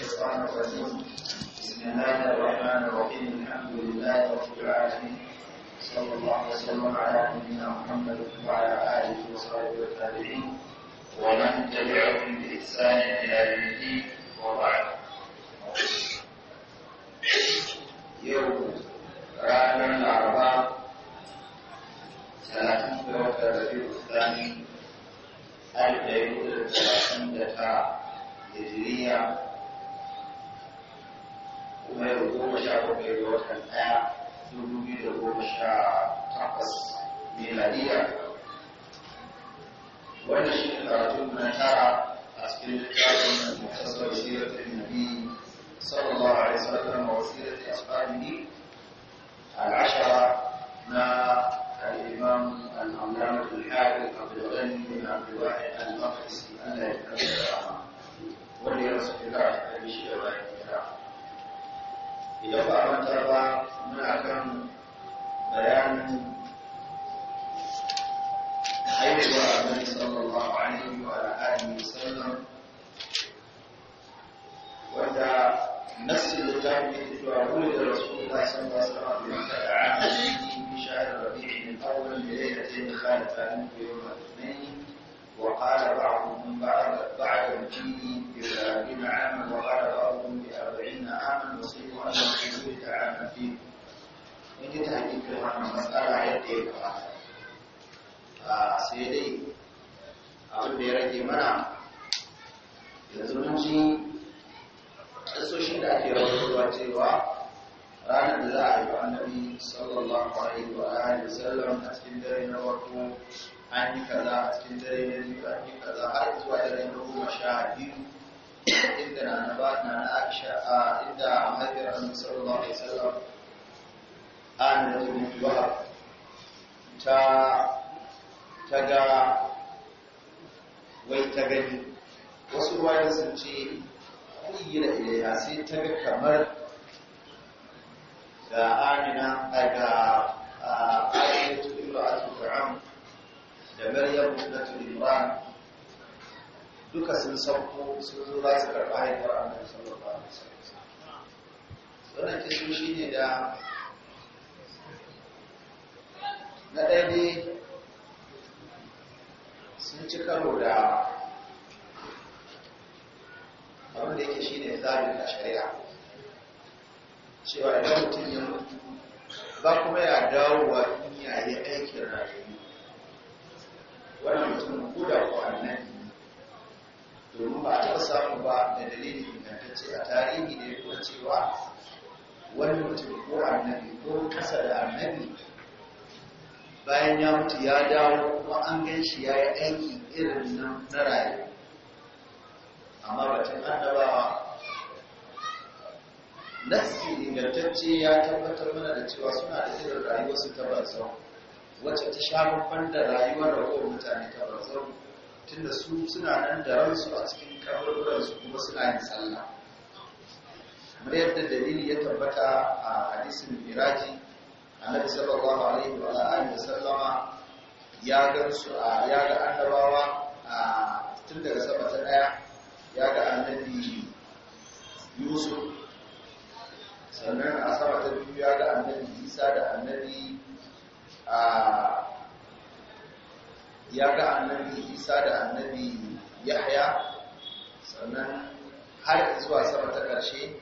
الشيطان الرجيم بسم الله الرحمن الرحيم الحمد لله رب العالمين صلى الله وسلم على نبينا محمد وعلى اله وصحبه والتابعين ومن تبعهم باحسان الى يوم الدين وبعد يوم رانا الاربعاء سنه وقت ربيع الثاني ألف يوم ثلاثين دفاع هجرية kuma yau goma sha bakwai da watan ɗaya dubu biyu da goma sha takwas miladiya wannan shi ne karatun na tara a cikin littafin mutasar siratul nabi sallallahu alaihi wasallam wa siratul ashabihi العشرة مع الإمام العلامة الحافظ عبد الغني بن عبد الواحد المقدسي الله يرحمه واللي يرسل الله عليه وسلم idan ba manta ba muna kan bayanin haihuwa annabi sallallahu alaihi wa alihi wasallam wanda nassi da jami'i cewa wuri da rasulullah sallallahu alaihi wa alihi wasallam a cikin shahar rabi'i min awwal laylatin khalatan yawm al-ithnain وقال بعضهم بعد بعد الجيل بثلاثين عاما وقال بعضهم بأربعين عاما يصيب أن الخلود عاما فيه in ta hakika wannan matsala yadda ya kamata a sai dai abin da ya rage da ake rawarwa ranar da za a yi wa annabi sallallahu alaihi wa alihi wasallam a cikin dare na farko an yi kaza a cikin dare na biyu an yi kaza har zuwa dare na goma sha biyu inda na na ba na na aisha a inda mahaifiyar annabi sallallahu alaihi wasallam an da bin wahab ta ta ga wai ta gani wasu ruwayen sun ce kuyi da ilayya sai ta ga kamar da amina a ga. da maryam ibnatu imran duka sun sauko sun zo za su karɓa haihuwar annabi sallallahu alaihi wasallam wannan kisu ne da na ɗaya ne sun ci karo da abin da yake shi ne zaɓin a shari'a cewa idan mutum ya mutu ba kuma ya dawowa duniya ya aikin rayuwa wannan mutum na da ko annabi domin ba a taɓa samu ba da dalilin ingantacce a tarihi da ya kuma cewa wani mutum ko annabi ko kasa da annabi bayan ya mutu ya dawo kuma an gan shi ya yi aiki irin nan na rayu amma batun annabawa nasi ingantacce ya tabbatar mana da cewa suna da irin rayuwarsu taba sau. wacce ta sha babban da rayuwar ragowar mutane ta barzau tunda su suna nan da ransu a cikin kaburburansu kuma suna yin sallah kamar yadda dalili ya tabbata a hadisin miraji annabi sallallahu alaihi wa alihi sallama ya ga su a ya ga annabawa a tun daga sama ta daya ya ga annabi yusuf sannan a sama ta biyu ya ga annabi isa da annabi ya ga annabi isa da annabi yahya sannan har zuwa sama ta ƙarshe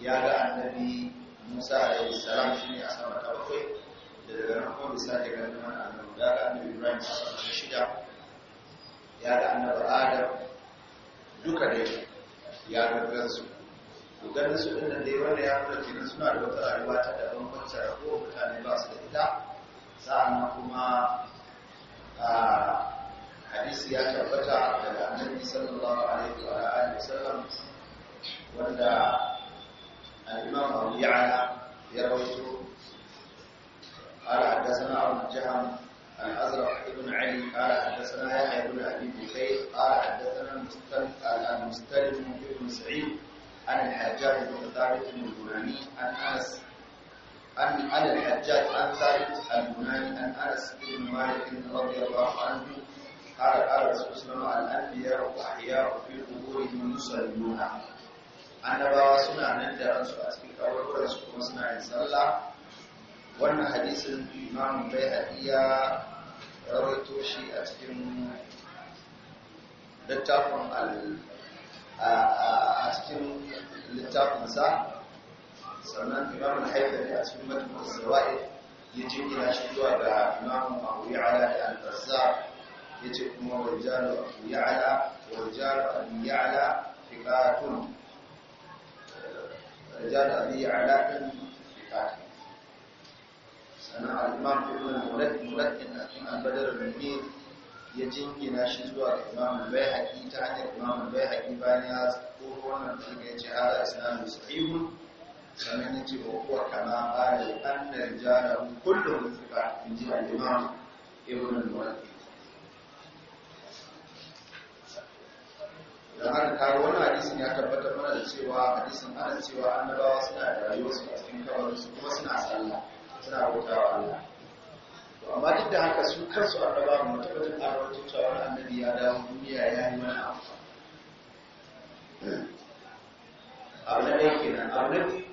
ya ga annabi musa alaihi salam shi ne a sama ta bakwai da daga nan kuma bisa da ganin annabi ya ga annabi ibrahim a sama ta shida ya ga annabi adam duka da ya ga gansu to ganin su ɗin da dai wanda ya fara kenan suna da wata rayuwa ta daban wacce ko mutane ba su da ita sa'annan kuma hadisi ya tabbata daga annabi sallallahu alaihi wa alihi wasallam wanda al-imam Abu Ya'la ya rawaito قال حدثنا عبد الجهم الأزرق بن علي قال حدثنا يحيى بن أبي بكير قال حدثنا المستلم بن سعيد عن الحجاج بن ثابت البناني عن أنس عن على الحجاج عن ثابت البناني عن انس بن مالك رضي الله عنه قال الرسول صلى الله عليه الانبياء احياء في قبورهم يصلون annabawa suna nan da ransu a cikin kawarwarar su kuma suna sallah wannan hadisin imam bai hadiya rawaito shi a cikin littafin a cikin littafinsa sannan imam al-haidari a cikin matan zawaid ya jingina shi zuwa ga imam abu ya'ala da al-bazzar ya ce kuma wajalu abu ya'ala wajalu abu ya'ala fiqatun wajalu abu ya'ala kan fiqatun sannan al-imam ibn al-mulakin a cikin al-badar al ya jingina shi zuwa ga imam al-bayhaqi ta hanyar imam al-bayhaqi bayan ya tsoro wannan da ya ce hada islamu sahihun sannan ya ce wa kuwa kama ƙara ya ƙanda rijala kullum suka in ji al'imam ibn al-muwaqqi da haka kawo wani hadisin ya tabbatar mana da cewa hadisin ana cewa annabawa suna da rayuwarsu a cikin su kuma suna sallah suna bautawa Allah to amma duk da haka su kansu annabawa mu tabbatar a rawaito cewa wani annabi ya dawo duniya ya yi mana amfani abu na ɗaya kenan abu na biyu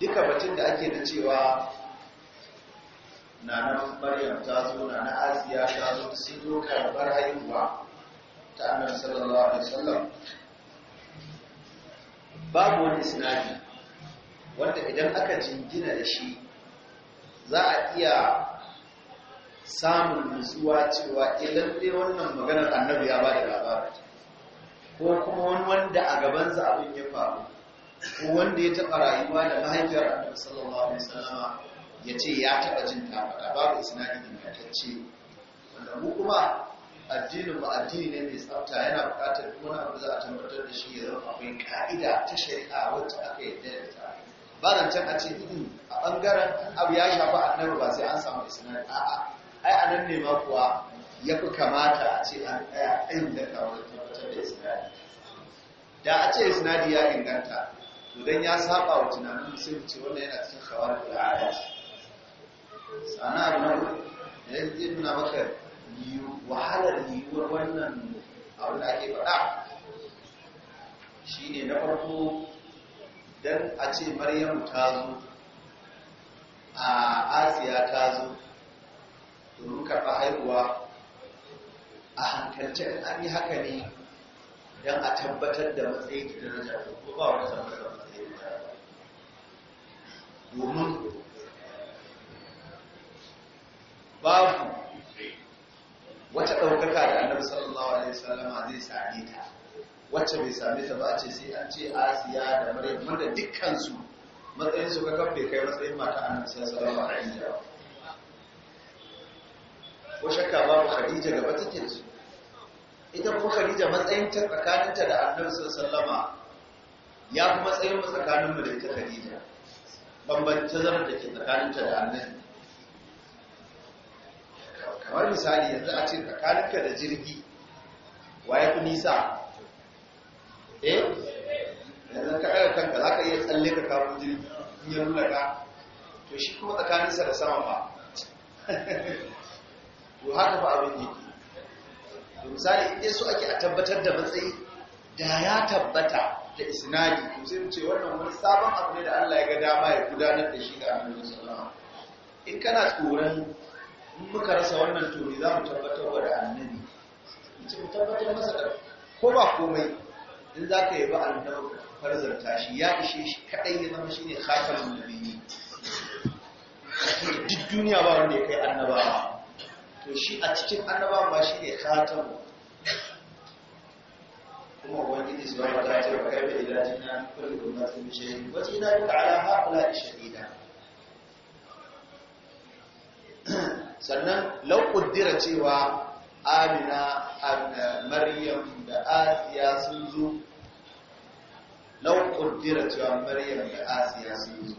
duka batun da ake da cewa na na maryam ta zo na na asiya ta zo sun zo karbar haihuwa ta annar sallallahu alaihi wasallam babu wani isnadi wanda idan aka jingina da shi za a iya samun nutsuwa cewa eh, lalle wannan maganar annabi ya ba da labarin ko kuma wani wanda a gabansa abin ya faru wanda ya taɓa rayuwa da mahaifiyar annabi sallallahu alaihi wasallam ya ce ya taɓa jin ta faɗa babu isnadi ingantacce wanda mu kuma addinin mu addini ne mai tsafta yana buƙatar kuma abu za a tabbatar da shi ya zama akwai ka'ida ta shari'a wacce aka yarda da ta. ba nan can a ce a ɓangaren abu ya shafa annabi ba sai an samu isnadi a'a ai a nan ne ma kuwa ya fi kamata a ce an tsaya ɗayan da kawo tabbatar da isnadi da a ce isnadi ya inganta to dan ya saba wa tunanin sai ce wannan yana cikin khawarij al'ada sana abu na da ya zai nuna maka wahalar yiwuwar wannan abin da ake faɗa shine na farko dan a ce maryamu ta zo a asiya ta zo domin karɓa haihuwa a hankalce an yi haka ne don a tabbatar da matsayin da na ko ba wani sabon domin babu wata ɗaukaka da annabi sallallahu alaihi wasallama zai same ta wacce bai same ta ba ce sai an ce asiya da maryam wanda dukkansu matsayin su kakan bai kai matsayin mata annabi sallallahu alaihi wasallama ko shakka babu khadija gaba take da su ita ko khadija matsayin ta tsakaninta da annabi sallallahu alaihi wasallama ya kuma tsayar mu tsakaninmu da ita Khadija bambanta zama da ke tsakaninta da annabi kamar misali yanzu a ce tsakaninka da jirgi Waye ku nisa eh yanzu ka ɗaga kanka za ka iya tsalle ka kawo jirgi in ya nuna ka to shi kuma sa da sama ba to haka fa abin yake misali in so ake a tabbatar da matsayi da ya tabbata da isnadi to sai mu ce wannan wani sabon abu ne da Allah ya ga dama ya gudanar da shi ga Annabi sallallahu alaihi in kana tsoron in muka rasa wannan to ne za mu tabbatar wa da Annabi ce mu tabbatar masa da ko ba komai in za ka yaba Annabi farzarta shi ya ishe shi kadai ya zama shine khatamul nabiyyi duk duniya ba wanda ya kai annabawa to shi a cikin annabawa ba shine khatamu kuma ubangiji su wani ta ce wa kai da ilaji na kulle gumna sun bishe wace na duka ala haƙula da shadida sannan lauƙuddira cewa amina maryam da asiya sun zo lauƙuddira cewa maryam da asiya sun zo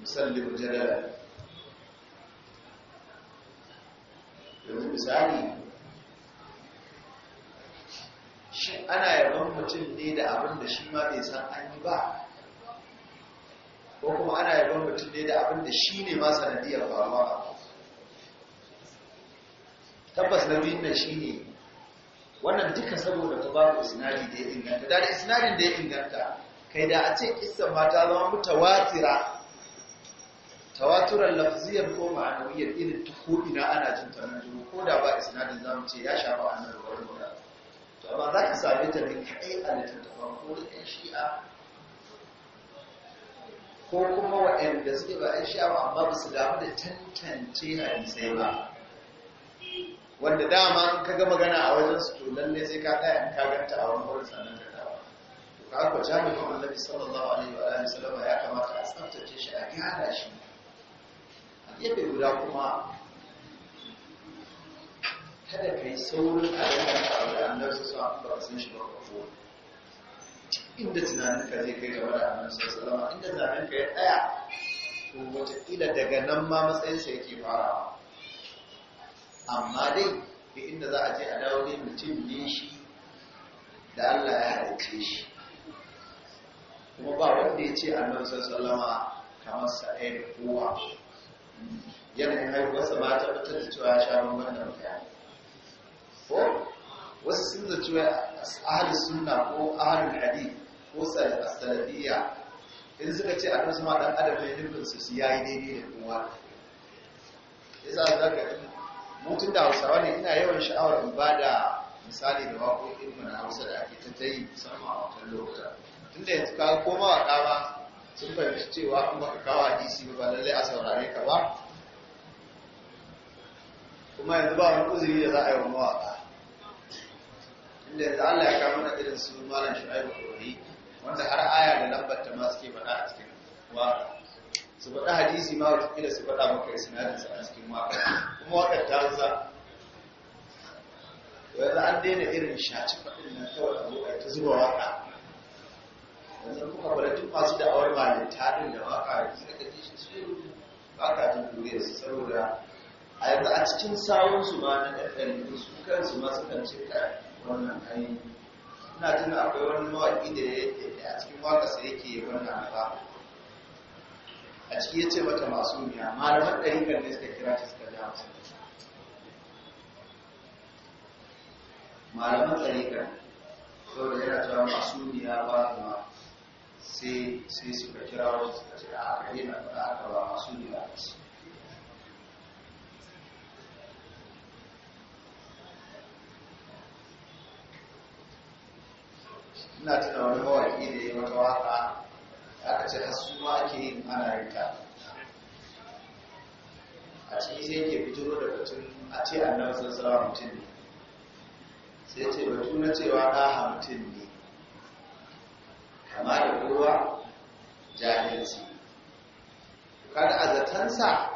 musallin jadala yanzu misali shi ana yaban mutum ne da abin da shi ma bai san an yi ba ko kuma ana yaban mutum ne da abin da shi ne ma sanadiyar faruwa tabbas na biyun nan shi ne wannan duka saboda ta babu sinari da ya inganta da da sinarin da ya inganta kai da a ce kissan ma ta zama mutawatira tawaturan lafziyar ko ma'anawiyar irin ta ko'ina ana jin tarin nan ko da ba isnadin zamu ce ya shafa annabi wani rahmatullahi amma za ka sami ta ne kai a littattafan ko da yan shi'a ko kuma waɗanda suke ba yan shi'a ba amma ba su damu da tantance hadisai ba wanda dama in ka ga magana a wajen su to ne sai ka tsaya in ka ganta a wani wurin sanar da dawa to ka ko jami'in annabi sallallahu alaihi wa ya kamata a tsaftace shi a gyara shi a gefe guda kuma kada ka yi saurin a yanka abu da annabi sallallahu alaihi wasallam shi ba ko inda tunanin ka zai kai gaba da annabi sallallahu salama, inda tunanin ka ya ko to wataƙila daga nan ma matsayinsa yake farawa amma dai da inda za a je a dawo dai mutum ne shi da Allah ya halicce shi kuma ba wanda ya ce annabi salama kamar sa ɗaya da kowa yanayin haihuwarsa ba ta fitar da cewa ya sha bambam da mutane ko wasu sun zaci wai ahli sunna ko ahli hadi ko salafiyya in suka ce a nasu ma dan adam ne nufin su su yayi daidai da kuma ya za ka mutum da hausawa ne ina yawan sha'awar in ba da misali da waƙoƙin mu na hausa da ake ta tayi musamman a wata lokuta tunda yanzu ka koma wa ƙama sun fahimci cewa kuma ka kawo hadisi ba lallai a saurare ka ba kuma yanzu ba wani uzuri da za a yi wa mawaƙa inda yanzu Allah ya kama na irin su malam Shu'aibu Kawai wanda har aya da lambar ta ma suke faɗa a cikin wa su faɗa hadisi ma wata kila su faɗa maka sanadin sa a cikin waka kuma wakar ta rusa yanzu an daina irin shaci faɗin nan kawai abokai ta zuba waka yanzu muka bada duk masu da'awar ta ɗin da waka sai ka ji shi su waka ta dure su saboda a yanzu a cikin su ma na ɗanɗanin su kansu masu sukan cikin wannan ai ina tuna akwai wani mawaƙi da ya a cikin waƙarsa yake wannan alfa a ciki ya ce mata masu miya malaman ɗarikan ne suka kira shi suka ja saboda yana cewa masu miya ba ma sai suka kira wasu suka ce a faɗa ba masu miya ba ce ina tuna wani mawaƙi da ya mata waƙa aka ce hasuma ake yin ana rika a cikin sai ke fito da batun a ce annabi sallallahu alaihi mutum ne sai ce batu na cewa ha mutum ne kama da kowa jahilci kada a zatansa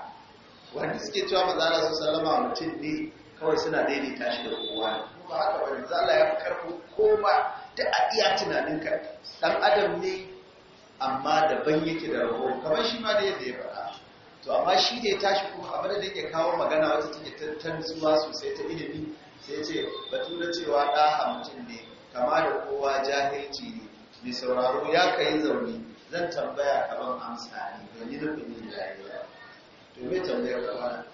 wanda suke cewa a su salama mutum ne kawai suna daidaita shi da kowa ba haka wani zala ya fi karfin koma ta a iya tunaninka ɗan adam ne amma daban yake da rago kamar shi ma da yadda ya faɗa to amma shi ne tashi kuma abin da yake kawo magana wata take tattan zuwa sosai ta ilimi sai ce batu da cewa ɗa mutum ne kama da kowa jahilci ne mai sauraro ya kai zaune zan tambaya ban amsa ne domin nufin da jahila to me tambayar kamar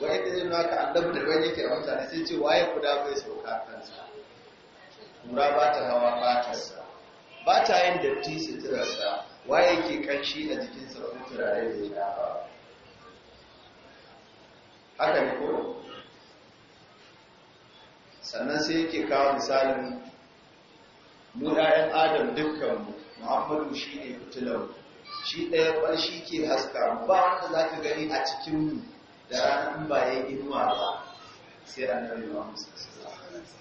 wani da zai nuna ka annabi da wani yake da mutane sai ce waye kuda bai sauka kansa kura ba ta hawa sa, ba ta yin datti suturarsa waye yake kanshi a jikin ko turare da ya ba haka ne ko sannan sai yake kawo misalin mu ɗayan adam dukkanmu muhammadu shi ne fitilar shi ɗaya ɓar shi ke haska ba wanda za ka gani a cikinmu da ranar ba yi inuwa ba sai annabi muhammadu sallallahu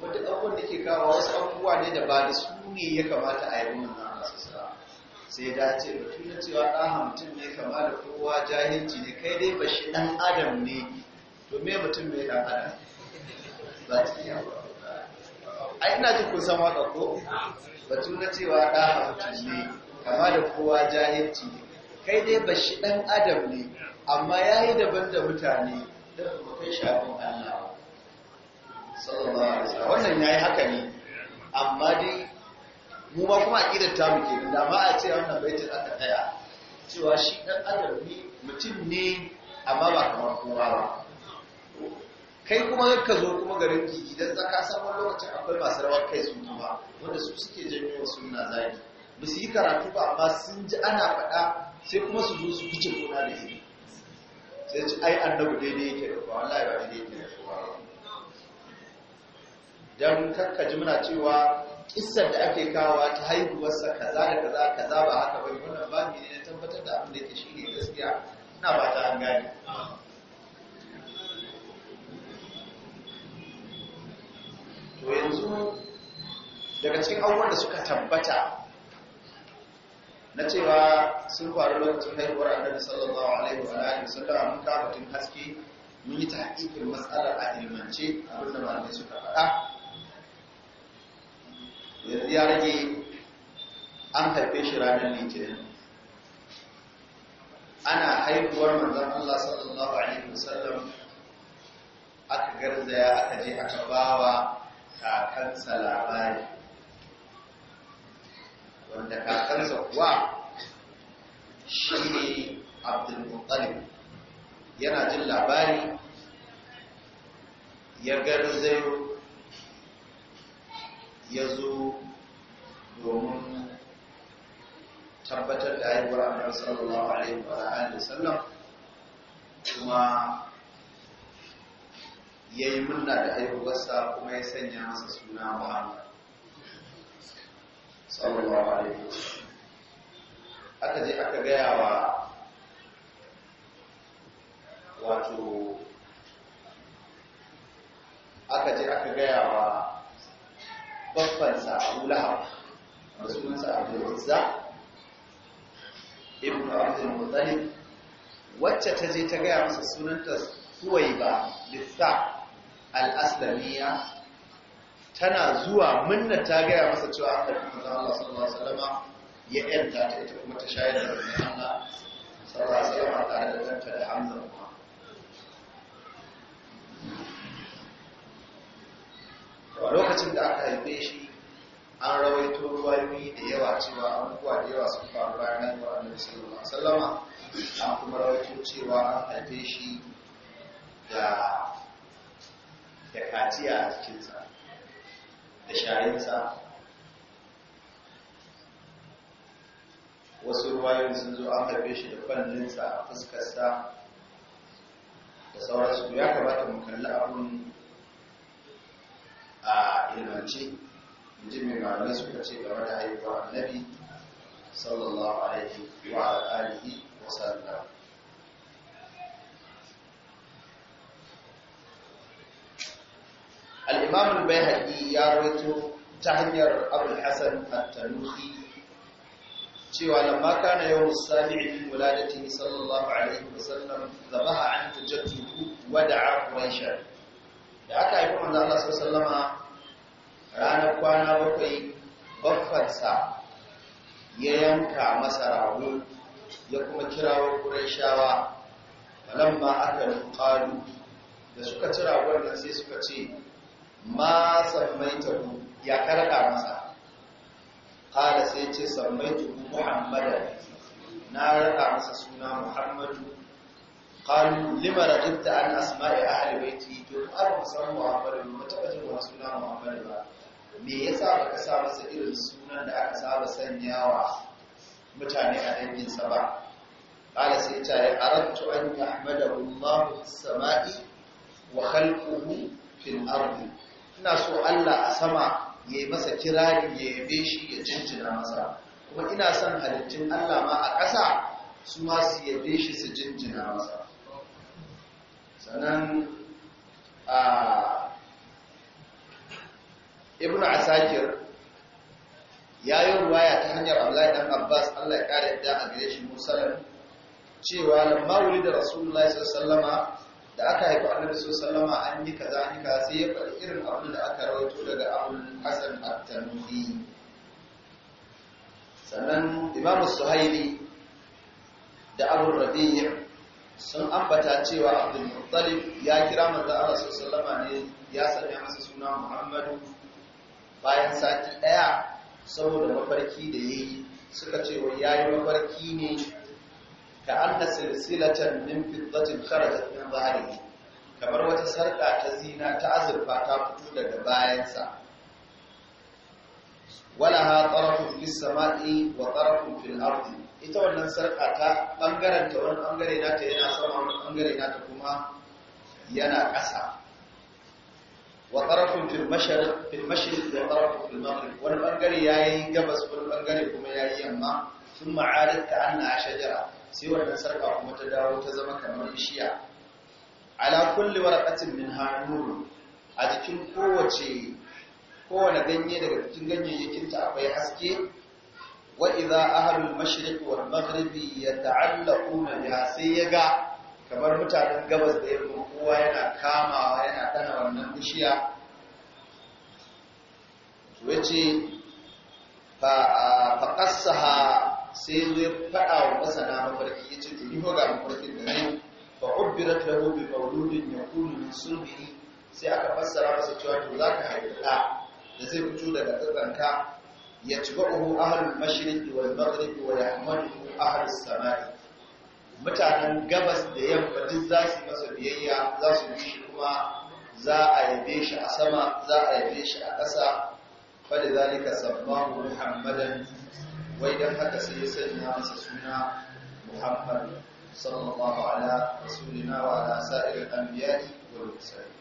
kuma duk abubuwan da ke kawo wasu abubuwa ne da ba da su ne ya kamata a yi wannan masu sa sai da ce batu na cewa ɗan mutum ne kama da kowa jahilci ne kai dai ba shi ɗan adam ne to me mutum mai ɗan adam ba ta iya ba ai ina jin kun san waka ko batu na cewa ɗan mutum ne kama da kowa jahilci ne kai dai ba shi ɗan adam ne amma ya yi daban da mutane da kuma kai shafin Allah wannan ya yi haka ne amma dai mu ba kuma aqidar ta muke. kenan da ba a ce wannan baitin aka tsaya cewa shi dan adam mutum ne amma ba kamar kowa ba kai kuma ka zo kuma garin ki idan tsaka sabon lokacin akwai masu rawar kai su ba wanda su suke janyo sunna zaki ba su yi karatu ba amma sun ji ana faɗa sai kuma su zo su wuce gona da shi sai ci ai annabi daidai yake da ba wallahi ba daidai yake da kowa ba don kakkaji muna cewa kissar da ake kawowa ta haihuwarsa kaza da kaza kaza ba haka bai wannan ba ne na tabbatar da abin da ke shi ne gaskiya ina ba ta an gane to yanzu daga cikin abubuwan da suka tabbata na cewa sun faru lokacin haihuwar annabi sallallahu alaihi wa alihi wasallam mun kawo haske mun yi tahqiqin mas'alar a ilmance abin da malamai suka faɗa ya rage an haife shi ranar litinin ana haihuwar manzan Allah sallallahu alaihi wasallam aka garzaya aka je aka bawa kakansa labari wanda kakansa kuwa shi ne abdulmuttalib yana jin labari ya garzayo ya zo domin tabbatar da haihuwar annabi sallallahu alaihi wa alihi sallam kuma ya yi da da sa kuma ya sanya masa suna Muhammad sallallahu alaihi aka je aka gaya wa wato aka je aka gaya wa babbansa Abu Lahab masunansa sunansa abdul ibn abdul muttalib wacce ta je ta gaya masa sunanta suwaiba lissa al-aslamiyya tana zuwa Minna ta gaya masa cewa an tafi manzo Allah sallallahu alaihi wasallam ya yanta ta ita kuma ta shayar da manzo Allah sallallahu alaihi tare da danta da Hamza kuma lokacin da aka haife shi an rawaito ruwayoyi da yawa cewa abubuwa da yawa sun faru bayan haihuwar annabi sallallahu alaihi sallama an kuma rawaito cewa an haife shi da da kaciya a cikinsa da sharinsa wasu ruwayoyi sun zo an haife shi da kwallinsa a fuskarsa da sauransu ya kamata mu kalli abun a ilmance جمع معلومات التي جمعها عن النبي صلى الله عليه وعلى آله وسلم الإمام البيهقي يروي تهنير أبو الحسن التنوخي سوى لما كان يوم السابع من ولادته صلى الله عليه وسلم ذبح عن تجده ودعا قريشا. لأكا يقول أن الله صلى الله عليه وسلم ranar kwana bakwai baffansa ya yanka masa rago ya kuma kirawo ƙurayshawa falamma aka qalu da suka ci ragon sai suka ce ma sammaita ku ya karka masa kada sai ce sammaitu muhammadan na raka masa suna muhammadu qalu limara rajibta an asma'i a halibaiti to har musamman muhammadu ba ta suna muhammadu ba me yasa baka sa masa irin sunan da aka saba sanyawa mutane a sa ba qala sai ta yi aradtu an yahmadahu Allahu samai wa khalquhu fil ardi ina so Allah a sama ya yi masa kirari ya yabe shi ya jinjina masa kuma ina son halittun Allah ma a ƙasa su ma su yabe shi su jinjina masa sannan ibn asakir ya yi ruwaya ta hanyar abdullahi dan abbas allah ya kare da a gare shi musallin cewa lamma mawuri da rasulullahi sallama da aka haifi annabi sallama an yi kaza an yi kaza sai ya faɗi irin abin da aka rawaito daga abul hasan at-tanuhi sannan imam suhaili da abu rabi' sun ambata cewa abdul muttalib ya kira manzo Allah sallama ne ya sanya masa suna muhammadu bayan sati ɗaya saboda mafarki da ya yi suka ce wai ya yi mafarki ne ka an da silsilatan min fitattun kharajat min Bari. kamar wata sarka ta zina ta azurfa ta fito daga bayansa ha tarafun fis sama'i wa tarafun fil ardi ita wannan sarka ta bangaren ta wani bangare na ta yana sama wani bangare na ta kuma yana ƙasa wa tarafin fil mashariq fil mashriq wani bangare yayi gabas wani bangare kuma yayi yamma sun ma'arat ka anna shajara sai wannan sarka kuma ta dawo ta zama kamar bishiya ala kulli warqatin min hanur a jikin kowace kowane ganye daga cikin ganyayyakin ta akwai haske wa idza ahlul mashriq wal maghribi yata'allaquna biha sai yaga kamar mutanen gabas da yamma kowa yana kamawa yana dana wannan bishiya wace fa qassaha sai zai faɗa wa masana mafarki yace to ni hoga mafarkin da ne fa ubbirat lahu bi mawludin yaqulu min sulbihi sai aka fassara masa cewa to zaka haifi da da zai fito daga tsatsanka yatba'uhu ahlul mashriqi wal maghribi wa yahmaduhu ahlus samai mutanen gabas da yamma duk za su masa biyayya za su bi shi kuma za a yabe shi a sama za a yabe shi a ƙasa fadi zalika sabbahu muhammadan wai dan haka sai ya sanya masa suna muhammad sallallahu ala rasulina wa ala sa'ir al-anbiya'i wal mursalin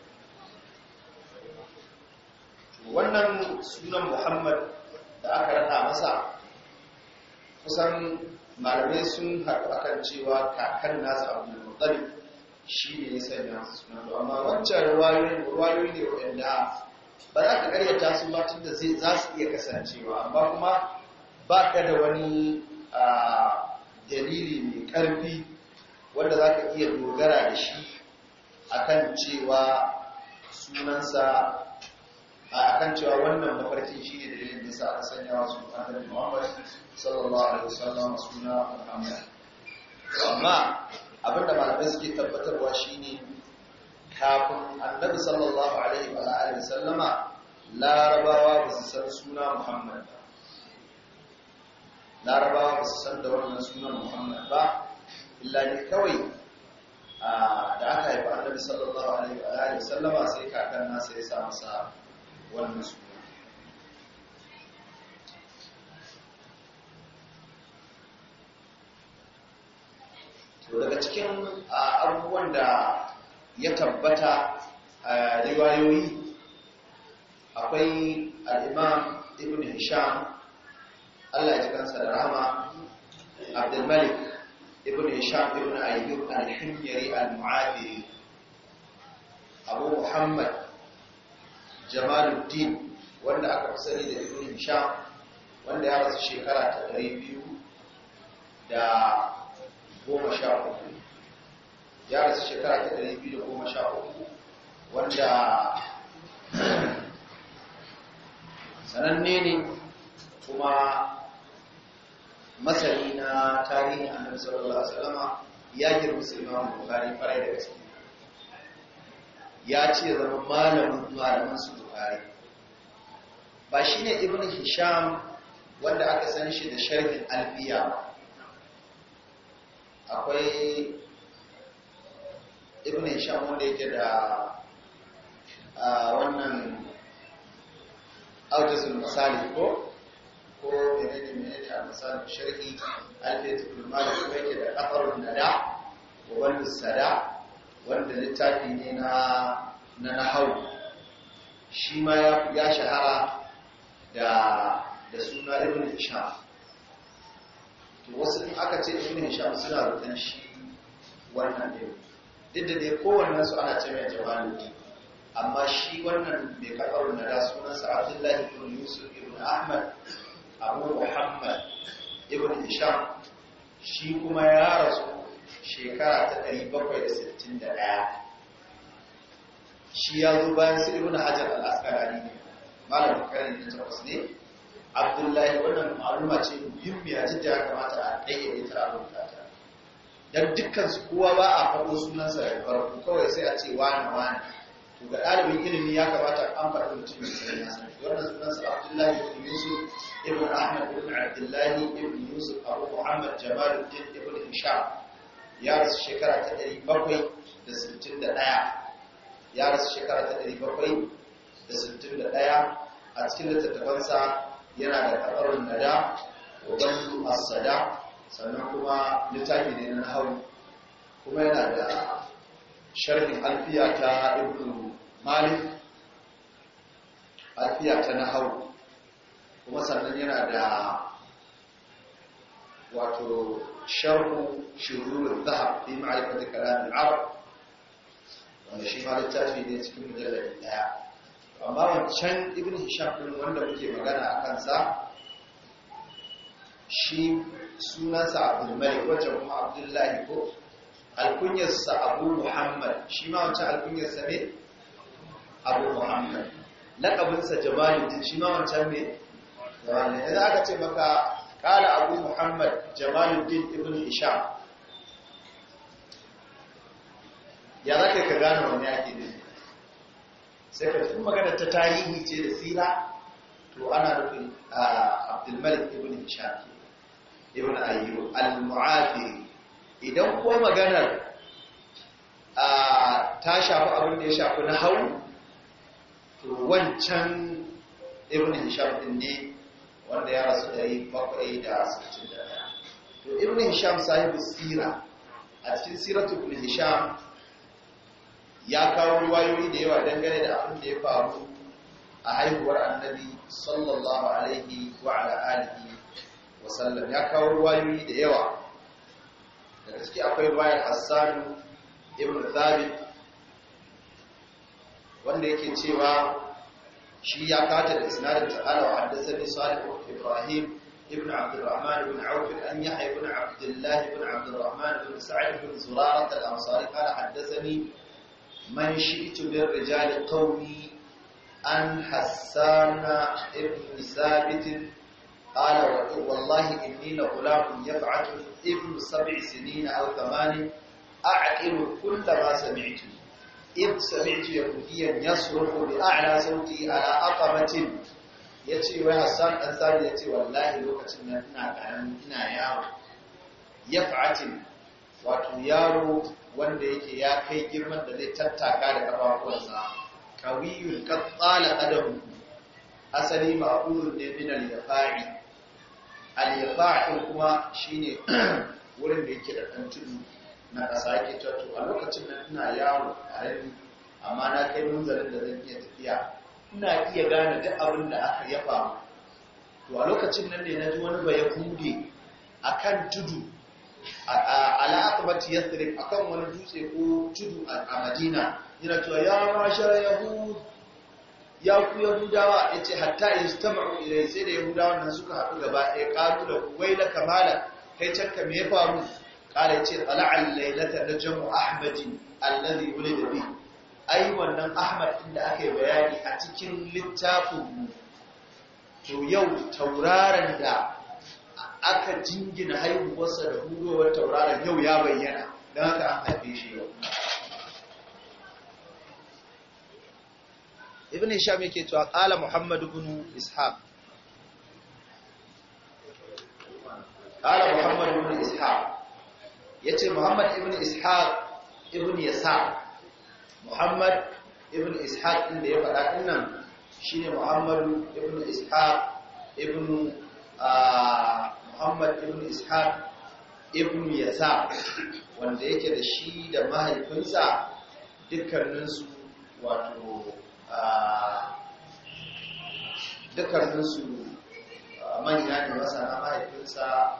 wannan sunan muhammad da aka rana masa kusan malamai sun haɗu kan cewa kakar nasu abu da mutsari shi ne ya sanya su suna to amma wancan ruwayoyi ne waɗanda ba za ka ta su ba tunda za su iya kasancewa amma kuma ba ka da wani dalili mai ƙarfi wanda za ka iya dogara da shi a kan cewa sunansa a kan cewa wannan mafarkin shi ne dalilin da sa aka sanya wa sunan da Muhammad sallallahu alaihi wasallam suna Muhammad amma abinda malamai suke tabbatarwa shine kafin annabi sallallahu alaihi wa alihi sallama larabawa ba su san suna Muhammad ba larabawa ba su san da wannan sunan Muhammad ba illa ne kawai da aka haifi annabi sallallahu alaihi wa alihi sallama sai kakan nasa ya sa sa'a daga cikin abubuwan da ya tabbata a riwayoyi akwai al'imam ibn hisham allah ya kansa da rahama abdulmalik ibn hisham ibn ayyub al-himyari al-mu'adiri abu muhammad jamaluddin wanda aka fi sani da ibn hisham wanda ya rasu shekara ta ɗari biyu da goma sha uku ya rasu shekara ta ɗari biyu da goma sha uku wanda sananne ne kuma masani na tarihin annabi sallallahu alaihi wasallama ya girma sulman bukari farai da gaske ya ce zama malamin malaman su buhari ba shi ne ibn hisham wanda aka san shi da sharhin alfiya akwai ibn hisham wanda yake da wannan aujizul misali ko ko menene menene a misali sharhi alfiya tukul malik kuma yake da kafarun nada wa wani sada wanda littafi ne na na nahau shi ma ya shahara da suna ibn hisham to wasu in aka ce ibn hisham suna rutan shi wannan ne duk da dai kowanne su ana ce mai jawani amma shi wannan mai karɓar na da sunansa abdullahi ibn yusuf ibn ahmad abu muhammad ibn hisham shi kuma ya rasu shekara ta 761 shi ya zo bayan su na hajjar al-asqalani ne malar karin da tabbas ne abdullahi wannan ma'aluma ce muhimmiya jidda ya kamata a ɗaya ta rubuta ta dan dukkan su kowa ba a faɗo sunansa da farko kawai sai a ce wani wani to ga ɗalibin ilimi ya kamata an faɗo mutum da sai ya san wannan sunansa abdullahi ibn yusuf ibn ahmad ibn abdullahi ibn yusuf abu muhammad jamaluddin ibn ishaq ya rasu shekara ta bakwai da sittin ɗaya, ya rasu shekara ta bakwai da da sittin ɗaya, a cikin littattafansa yana da ƙarƙarin nada wajen asada sannan kuma littafi ne na hau kuma yana da sharhin alfiya ta ibn malik alfiya ta na hau kuma sannan yana da wato شرح shiru الذهب في معرفة كلام العرب wanda shi ma littafi ne cikin mujallar daya amma wancan ibn hisham din wanda muke magana a kansa shi sunansa abdul malik wajen kuma abdullahi ko alkunyarsa abu muhammad shi wancan alkunyarsa ne abu muhammad lakabinsa jamaluddin shi ma wancan ne jamaluddin idan aka ce maka قال أبو محمد جمال الدين ابن هشام ya za ka gane wani yaƙi ne sai ka fi magana ta tarihi ce da sira to ana nufin abdulmalik ibn shafi ibn ayyu al-mu'afiri idan kuwa maganar ta shafi abin da ya shafi na hau to wancan ibn Isha din ne wanda ya rasu yi bakwai da asibitin da daya to ibn hisham sahibu sira a cikin siratu ibn hisham ya kawo riwayoyi da yawa dangane da abin da ya faru a haihuwar annabi sallallahu alaihi wa ala alihi wa ya kawo riwayoyi da yawa daga ciki akwai bayan hassanu ibn thabit wanda yake cewa shi ya kata da isnadin ta'ala wa haddathani salih ibn ibrahim ibn abd alrahman ibn auf an yahya ibn abdullah ibn abd ibn sa'id ibn zurarah al-ansari qala haddathani man shi'tu bir rijal qawmi an hassana ibn sabit wallahi والله إني لغلام يبعث ابن سبع سنين أو ثمان أعقل كل ما سمعته Ib in ya yahudiyan yasrufu bi a'la sauti ala aqabatin yace wai Hassan dan ya ce, wallahi lokacin nan ina ganin ina yaro yaf'atin wato yaro wanda yake ya kai girman da zai tattaka da kafafuwansa qawiyul qattala adamu asali ma'qulun ne min al-yafa'i kuma shine wurin da yake da kan na ƙasa yake cewa a lokacin da ina yawo a yanzu amma na kai munzalin da zan iya tafiya ina iya gane duk abin da aka ya faru to a lokacin nan ne na ji wani bai kude a kan tudu ala akabati a akan wani dutse ko tudu a madina yana cewa ya mashar yahud ya ku yahudawa ya ce hatta istama'u ilai sai da yahudawan nan suka haɗu gaba ɗaya ƙalu da wai na kamala kai canka me ya faru kala yace tala'al lailata jam'u ahmadin alladhi wulida bi ai wannan ahmad din da aka yi bayani a cikin littafin mu. to yau tauraron da aka jingina haihuwarsa da hudowar tauraron yau ya bayyana don haka an haife shi yau ibn isham yake cewa qala muhammad ibn ishaq muhammad ibn ishaq ya ce muhammad ibn ishaq ibn yasa muhammad ibn ishaq inda ya faɗa ɗinnan shi ne muhammadu ibn ishaq ibn muhammad ibn ishaq ibn yasa wanda yake da shi da mahaifinsa dukkaninsu wato dukkaninsu manya ne masana mahaifinsa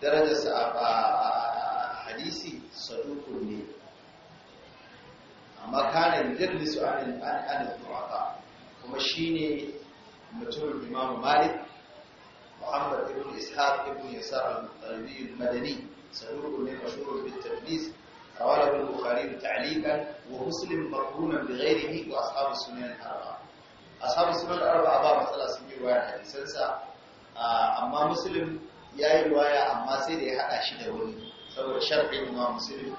darajarsa a hadisi sadukun ne amma kanin jirgin jirnisu an al-qurata kuma shi ne mutumin imamu malik muhammad ibn ishaq ibn yasar al-qalbi al-madani sadukun ne mashhur bil tadlis رواه البخاري تعليقا ومسلم مقرونا بغيره واصحاب السنن الاربعه اصحاب السنن arba ba matsala sun yi ruwaya hadisansa amma muslim ya yi ruwaya amma sai da ya haɗa shi da wuri saboda sharɗin imam musulun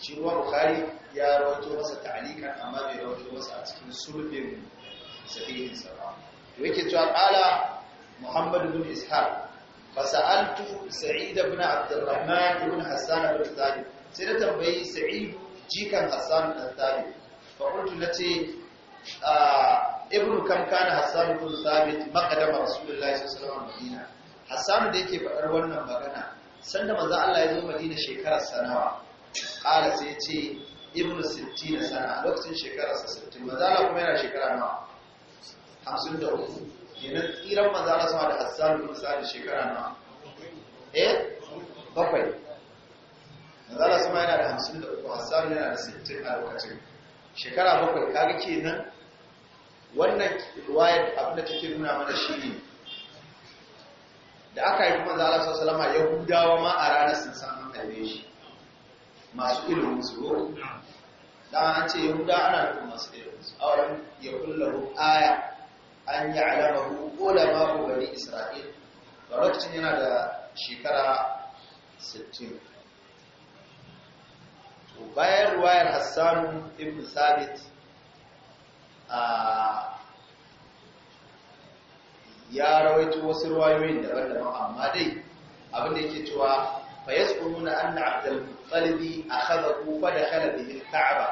shi ruwa bukari ya rawato masa ta'alikan amma bai rawato masa a cikin sulbin sahihin sa ba to yake cewa qala muhammad ibn ishaq fa sa'altu sa'id ibn abdurrahman ibn hasan ibn thabit sai da tambayi sa'id jikan hasan ibn thabit fa qultu nace ah, ibn kam kana hasan ibn thabit maqdama rasulullahi sallallahu alaihi wasallam madina Hassan da yake faɗar wannan magana sanda manzo Allah ya zo Madina shekarar sanawa ƙara sai ya ce ibn sittina sana a lokacin shekarar sa sittin manzo Allah kuma yana shekara nawa hamsin da uku kenan tsiran manzo Allah sama da Hassan ibn Sa'id shekara nawa eh bakwai manzo Allah sama yana da hamsin da uku Hassan yana da sittin a lokacin shekara bakwai kaga kenan wannan riwayar abin da take nuna mana shi ne da aka yi kuma Allah sau salama ya yahudawa ma a ranar sun samun haife shi masu ilimin su da an ce yahuda ana nufin masu ilimin su wurin ya kullahu aya an yi alama ko da babu bani isra'il ba lokacin yana da shekara 60 bayan ruwayar hassan ibn sabit a ya rawaito wasu ruwayoyin daban-daban amma dai abin da yake cewa fa yasquluna anna abdul muttalib akhadahu fa dakhala bihi al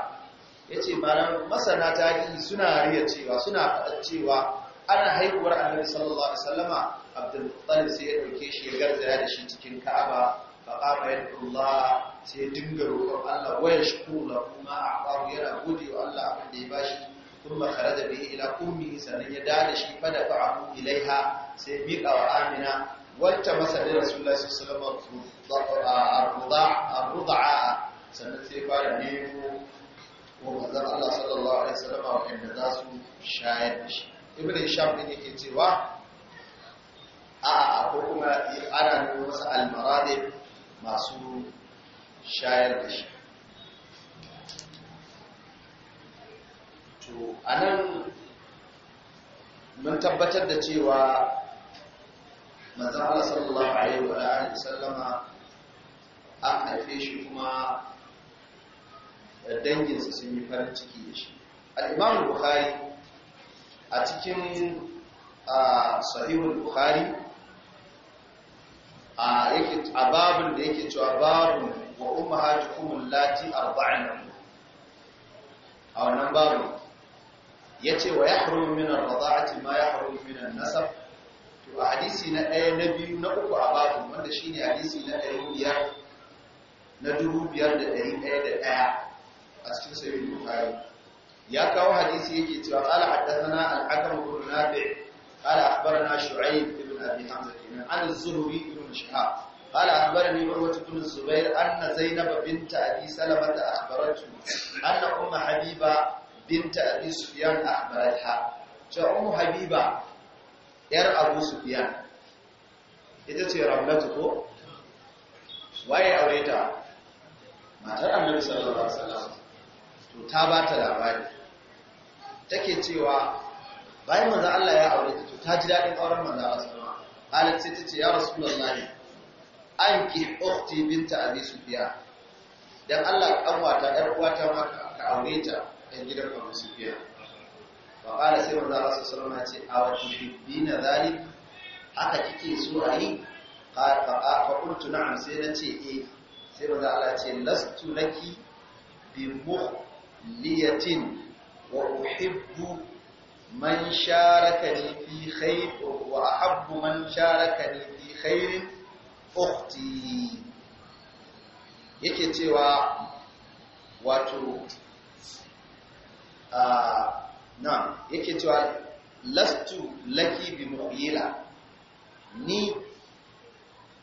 yace malam masana tarihi suna riya cewa suna faɗa cewa ana haihuwar annabi sallallahu alaihi wasallama abdul muttalib sai ya dauke shi ya garzaya da shi cikin ka'aba fa qama yadullah sai dinga roƙon Allah waya shukuru la kuma a yana gode wa Allah abin da ya bashi ثم خرج به إلى أمه سنن يدان شي فدفعه إليها سيبقى وآمنا والتمس لرسول الله صلى الله عليه وسلم الرضاع الرضعاء سنن سيفار نيمو ومنزل الله صلى الله عليه وسلم وإن ناس شاهد شي ابن هشام بن كتوا a ko kuma ana nuna masa almaradin masu shayar da shi to a nan mun tabbatar da cewa mazan Allah sallallahu Alaihi wa Alaihi sallama an haife shi kuma danginsa sun yi farin ciki da shi al'imam bukhari a cikin sahihun bukhari a babin da yake cewa babin wa umma kuma lati arba'in a wannan babu. ya ce wa ya haru min ar-rada'ati ma ya min an-nasab to a hadisi na ɗaya na biyu na uku a babu wanda shine hadisi na ɗari biyar na dubu biyar da ɗari ɗaya da ɗaya a cikin sahih bukhari ya kawo hadisi yake cewa qala haddathana al-hakam ibn nafi' qala akhbarana shu'aib ibn abi hamza ibn al-zuhri ibn shihab قال أخبرني عروة بن الزبير أن زينب بنت أبي سلمة أخبرته أن أم حبيبة binta abi سفيان akhbaratha cewa ummu habiba yar abu sufyan ita ce ramlatu ko waye aure ta matar الله sallallahu alaihi wasallam to ta ba ta labari take cewa bayan manzo Allah ya aure ta to ta ji dadin auren manzo Allah sallallahu alaihi wasallam sai ta ce ya rasulullahi anki ukhti binta abi sufyan dan Allah kanwata yar uwata maka ka aure ta ɗan gidan abu su biya ba ƙara sai wanda rasu salama ce a wata bibbi na zalik haka kike so a yi faƙuntu na'am sai na ce e sai wanda ala ce lastu laki bi liyatin wa uhibbu man sharaka ni fi khair wa ahabbu man sharaka ni fi khairin ukhti yake cewa wato Ah, na yake cewa lastu laki bi mu'ila ni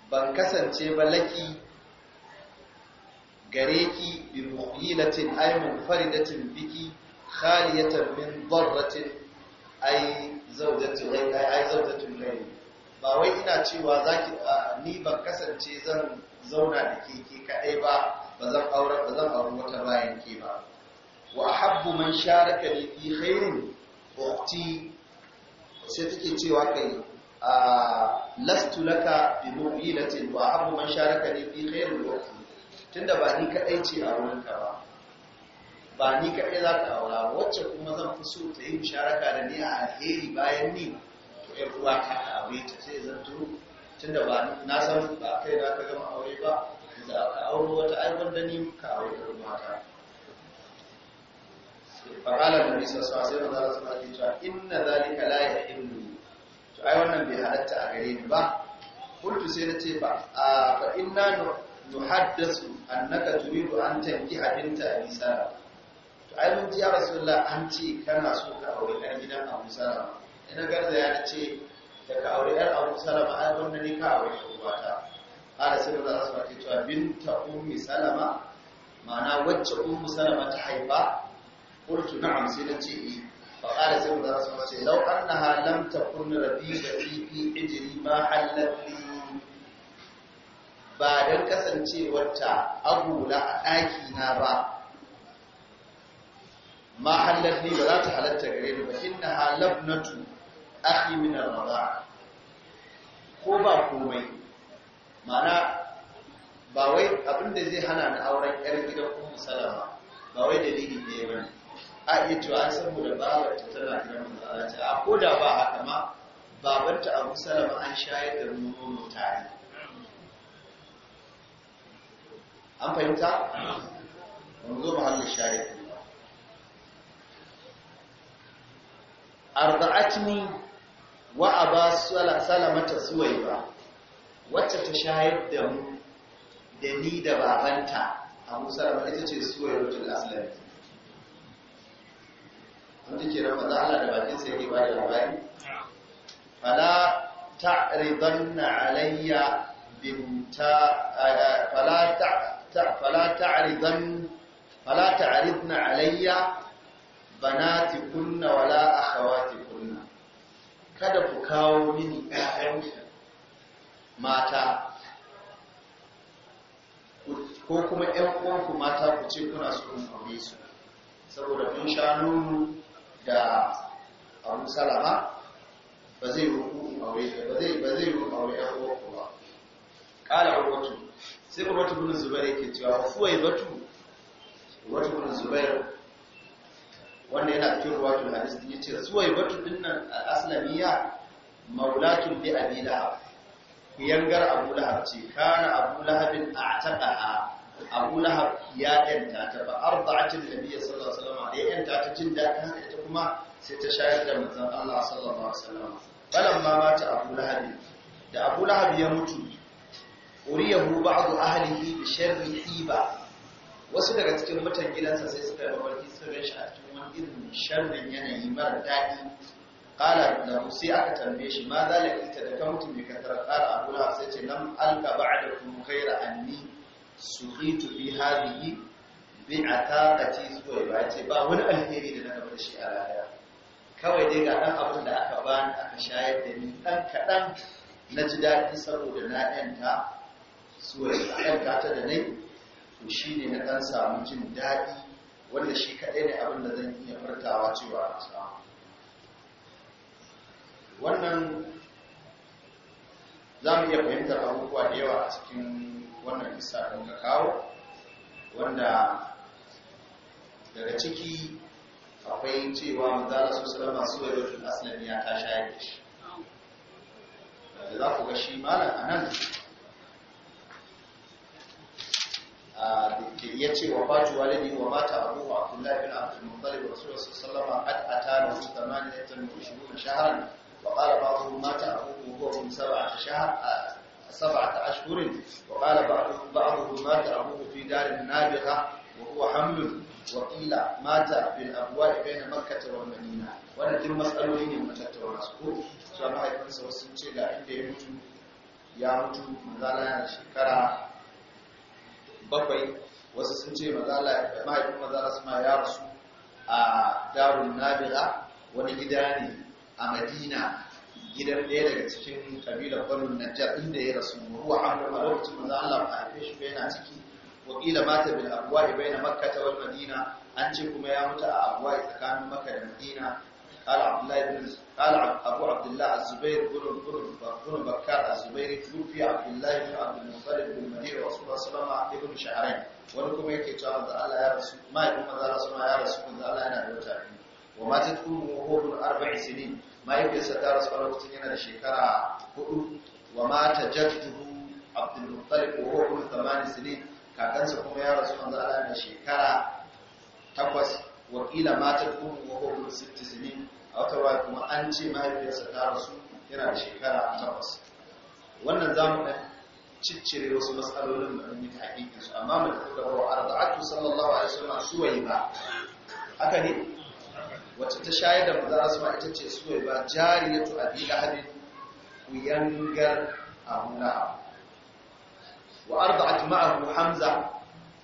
ban kasance ba laki gare ki bi muhyilatin ay munfaridatin biki khaliyatan min darratin ay zawjatu ay zawjatu ghayri ba wai ina cewa zaki ni ban kasance zan zauna da ke ke kadai ba ba zan aure ba zan aure wata bayan ke ba wa habbu man sharaka li fi khairin ukhti sai take cewa kai lastu laka bi mu'minatin wa habbu man sharaka li fi khairin ukhti tunda ba ni kadai ce a wurinka ba ba ni kadai za ka aura wacce kuma zan fi so ta yi sharaka da ni a alheri bayan ni to ƴar uwa ta aure ta sai zan turo tunda ba na san ba kai na ka gama aure ba za ka auro wata aiwar da ni ka aure mata fa'ala da bisa sa sai maza Allah sallallahu alaihi wasallam inna zalika la yahillu to ai wannan bai halatta a gare ni ba kullu sai nace ba fa inna nuhaddasu annaka turidu an tanki abinta a bisa to ai mun ji ya rasulullah an ce kana so ka aure ɗan gidan Abu Salama ina garza ya ce da ka aure ɗan a Abu Salama ai wannan ne ka aure uwata ala sai maza Allah sallallahu alaihi wasallam binta ummi Salama ma'ana wacce ummi Salama ta haifa qultu na'am sai na ce eh fa qala sai manzo Allah ce law annaha lam takun rabi'i fi ijri ma halat ba dan kasancewarta agula a ɗakina ba ma halalli ba za ta halatta gare ni ba inna halabnatu akhi min ar-rada ko ba komai mana ba wai abin da zai hana ni auren ƴar gidan kuma salama ba wai dalili ne bane a iya cewa ai saboda babar ta tana gidan manzala a ko da ba haka ma babanta abu salama an shayar da mu nono tare an fahimta ban zo mahallin shayar arba'atni wa aba salamata suwaiba wacce ta shayar da mu da ni da babanta abu salama ita ce suwaibatul aslami sun ji kenan manzo Allah da bakin sa yake ba da labari fala ta'ridanna alayya binta eh, fala ta fala ta'ridan fala ta'ridna alayya banatikunna wala akhawatikunna kada ku kawo mini ƴaƴanku mata ko kuma ƴan uwanku mata ku ce kuna so in aure su saboda mun sha nono da abu salama ba zai ruku aure ba zai ba zai ruku aure ya ko ba a urwatu sai urwatu ibn zubair yake cewa fuwai batu urwatu ibn zubair wanda yana cikin ruwatul hadis din yace suwai batu dinnan al-aslamiyya maulatun bi abi lahab yangar abu lahab ce kana abu lahabin a'taqaha abu lahab ya yanta ta ba arda'at an-nabiy sallallahu alaihi wasallam ya yanta ta jin daɗin haka ita kuma sai ta shayar da manzon Allah sallallahu alaihi wasallam balan ma mata Abu Lahab da Abu Lahab ya mutu uriyahu ba'du ahlihi bi sharri hiba wasu daga cikin mutan gidansa sai suka yi mafarki sun shi a cikin wani irin sharrin yanayi mara daɗi kala da sai aka tambaye shi ma zalika ita da kan mutum mai kasar kala Abu Lahab sai ce lam alka ba'da kum khaira anni suqitu bi hadhihi bi a takati zuwa ba ce ba wani alheri da na gaba da shi a rayuwa kawai dai ga ɗan abin da aka ba ni aka shayar da ni ɗan kaɗan na ji daɗi saboda na ɗanta zuwa ɗan ta da nai to shi ne na ɗan samu jin daɗi wanda shi kaɗai ne abin da zan iya furtawa cewa na samu wannan za mu iya fahimtar abubuwa da yawa a cikin wannan isa da ka kawo wanda daga ciki akwai cewa manzara su salama su wa rufin aslamiya ta shayar da shi da za ku gashi malam a nan Da ya ce wa fatu walidi wa mata abu wa abdullahi bin abdul muttalib wa rasulullah sallallahu alaihi wasallam atana su tamani ta mushhurun shahran wa qala ba'dhu mata abu wa hum sab'ata shahr sab'ata ashhurin wa qala ba'dhu ba'dhu mata abu fi darin nabiha wa huwa hamlun wakila mata bin abuwa da bai na makata wa manina wanda duk matsaloli ne matattawa su ko su a mahaifinsa wasu sun ce ga inda ya mutu ya mutu mazala yana shekara bakwai wasu sun ce mahaifin mazala su ma ya rasu a darun nabila wani gida ne a madina gidan ɗaya daga cikin kabilar barin najjar inda ya rasu ruwa a lokacin mazala ba a haife shi bai na ciki wakila mata bil abwa'i baina makkah wal madina an ce kuma ya mutu a abwa'i tsakanin makka da madina قال عبد الله بن قال ابو عبد الله الزبير بن بن بكار الزبيري توفي عبد الله بن عبد المطلب بن رسول الله صلى الله عليه وسلم شهرين wani kuma yake cewa da Allah ya rasu ma ya kuma zara suna ya rasu kuma Allah yana da wata biyu wa ma ta tuku muhurun arba'i sinin ma yake sa ta rasu lokacin yana da shekara hudu kakansa kuma ya rasu manzo Allah na shekara takwas wakila matar kuma wa hukum sittizini a wata ruwa kuma an ce mahaifiyarsa ta rasu yana da shekara takwas wannan za mu ɗan ciccire wasu matsalolin da ɗan ta hakikin su amma mu tafi gaba wa arba'atu sallallahu alaihi wasallam suwai ba haka ne wacce ta shayar da manzo Allah ita ce suwai ba jariyatu abi lahabin kuyangar abu lahab wa arba'at ma'ahu hamza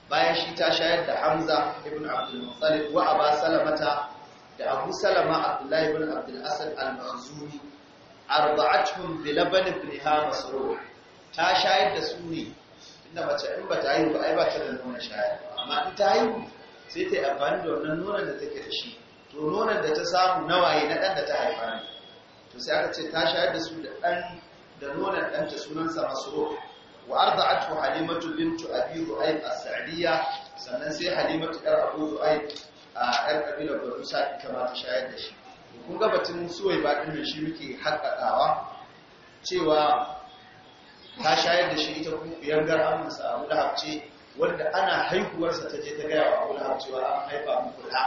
bayan shi ta shayar da hamza ibn abdul muttalib wa aba salamata da abu salama abdullahi ibn abdul asad al-makhzumi arba'atuhum bi laban ibniha masruh ta shayar da su ne tunda mace in ba ta yi ba ai ba ta da nonon shayar amma in ta yi sai ta yi amfani da wannan nonon da take da shi to nonon da ta samu nawaye na ɗan da ta haifa ne to sai aka ce ta shayar da su da ɗan da nonon ɗanta sunansa masruh wa arda'atu halimatu bintu abi ru'ayb a sadiyya sannan sai halimatu yar abu ru'ayb a yar kabilar barusa sa'id kama ta shayar da shi kun ga batun suwai ba din shi muke haƙaƙawa cewa ta shayar da shi ita kuma yangar amsa abu da hafce wanda ana haihuwarsa ta je ta gaya wa abu da hafcewa an haifa mu kula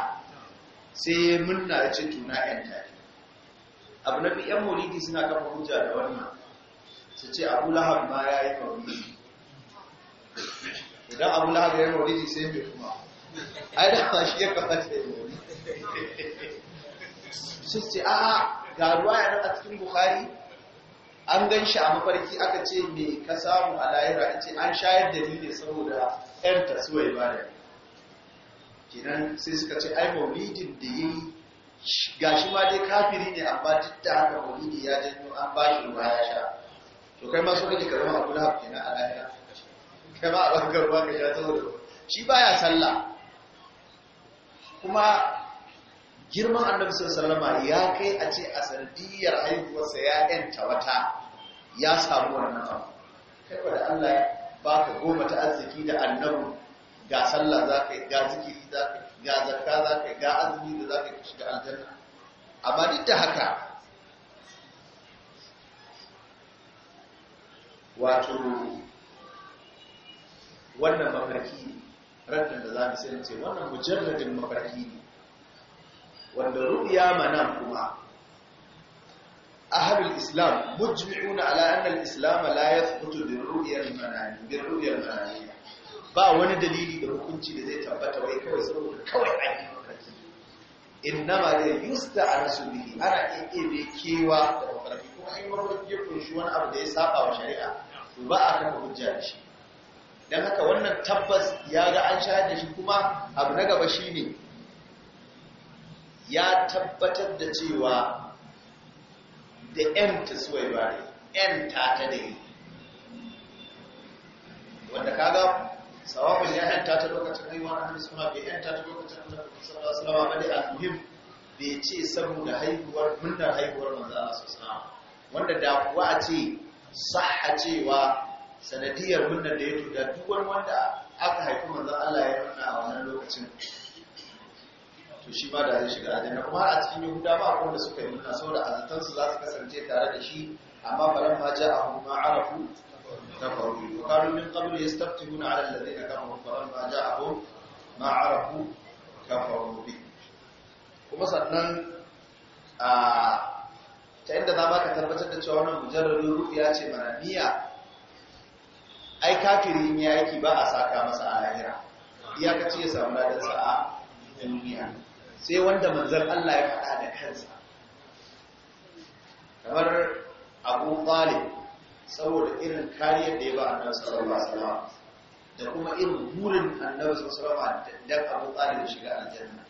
sai munna ya ce tuna yan tare abu na biyan maulidi suna kafa hujja da wannan su ce abu lahab ma ya yi maulidi idan abu lahab ya yi maulidi sai mai kuma ai da ma shi ya ya maulidi su ce a'a ga ruwa ya a cikin bukari an gan shi a mafarki aka ce me ka samu a lahira ce an shayar da ni ne saboda yan tasuwai ya bada kenan sai suka ce ai maulidin da ya yi gashi ma dai kafiri ne amma duk da haka maulidi ya janyo an ba shi ruwa ya sha to kai ma so kake ka zama abu na kenan a lahira kai ma a baka ruwa ka sha saboda shi baya sallah kuma girman annabi Salama ya kai a ce a sanadiyar haihuwarsa ya yanta wata ya samu wani abu kai wa da Allah ba ka goma ta arziki da annabi ga sallah za ka yi ga zikiri za ka yi ga zarka za ka yi ga azumi da za ka yi shiga aljanna amma duk da haka wato wannan mafarki rantar da za mu sai ce wannan mujarradin mafarki ne wanda ru'ya manan kuma ahlul islam mujmi'una ala anna al-islam la yathbutu bi ru'yal manani bi ru'yal manani ba wani dalili da hukunci da zai tabbata wai kawai saboda kawai an yi mafarki innama da yusta anasu bihi ana iya kewa da mafarki kuma ai mafarki ya kunshi wani abu da ya saba wa shari'a to ba a kafa hujja da shi don haka wannan tabbas ya ga an shahar da shi kuma abu na gaba shi ne ya tabbatar da cewa da ‘yanta suwai ba ne, 'yan ta da yi wanda kaga sawabin ya ‘yanta ta lokacin haihuwa na hannun suna bai ‘yanta ta lokacin da kuma sallah sallama ba a muhim bai ce saboda haihuwar murnar haihuwar manzo a sosai wanda da kuwa a ce sa'a cewa sanadiyar murnar da ya tuda duk wani wanda aka haifi manzon Allah ya nuna a wannan lokacin to shi ba da zai shiga aljanna kuma a cikin yahuda ba akwai da suka yi murna saboda da su za su kasance tare da shi amma bala ma ja'ahum ma arafu faru. wa qalu min qabl yastaftihuna 'ala alladhina kafaru bala ma ja'ahum ma arafu kafaru bi kuma sannan a ta inda za ma ka tabbatar da cewa wannan mujarrabin rufiya ce niyya ai kafirin ya yake ba a saka masa a lahira iyakaci ya samu ladan a duniya sai wanda manzan Allah ya faɗa da kansa kamar abu talib saboda irin kariyar da ya ba annabi sallallahu alaihi wasallam da kuma irin burin annabi sallallahu alaihi wasallam da abu talib shiga aljanna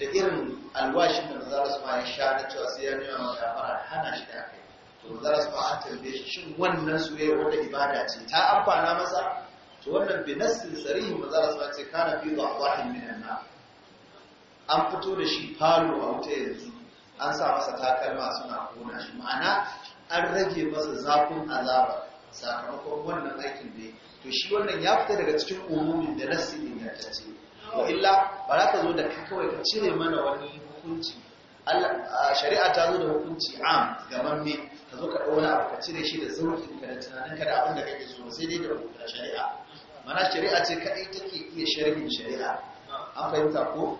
da irin alwashin da manzo Allah ma ya sha na cewa sai ya nema maka fara hana shi da yi. to maza Allah ma an tambaye shi shin wannan soyayya wata ibada ce ta amfana masa to wannan bi nassin sarihi manzo Allah ma ce kana fi dhawahin min anna an fito da shi falo a wuta yanzu an sa masa takalma suna kona shi ma'ana an rage masa zafin azaba sakamakon wannan aikin da to shi wannan ya fita daga cikin umumin da nassin ya tace wa illa ba za ka zo da kawai ka cire mana wani hukunci shari'a ta zo da hukunci am gaban me ka zo ka ɗau wani abu ka cire shi da zaukin ka da tunanin ka da abin da kake so sai dai da shari'a mana shari'a ce kaɗai take iya sharhin shari'a an fahimta ko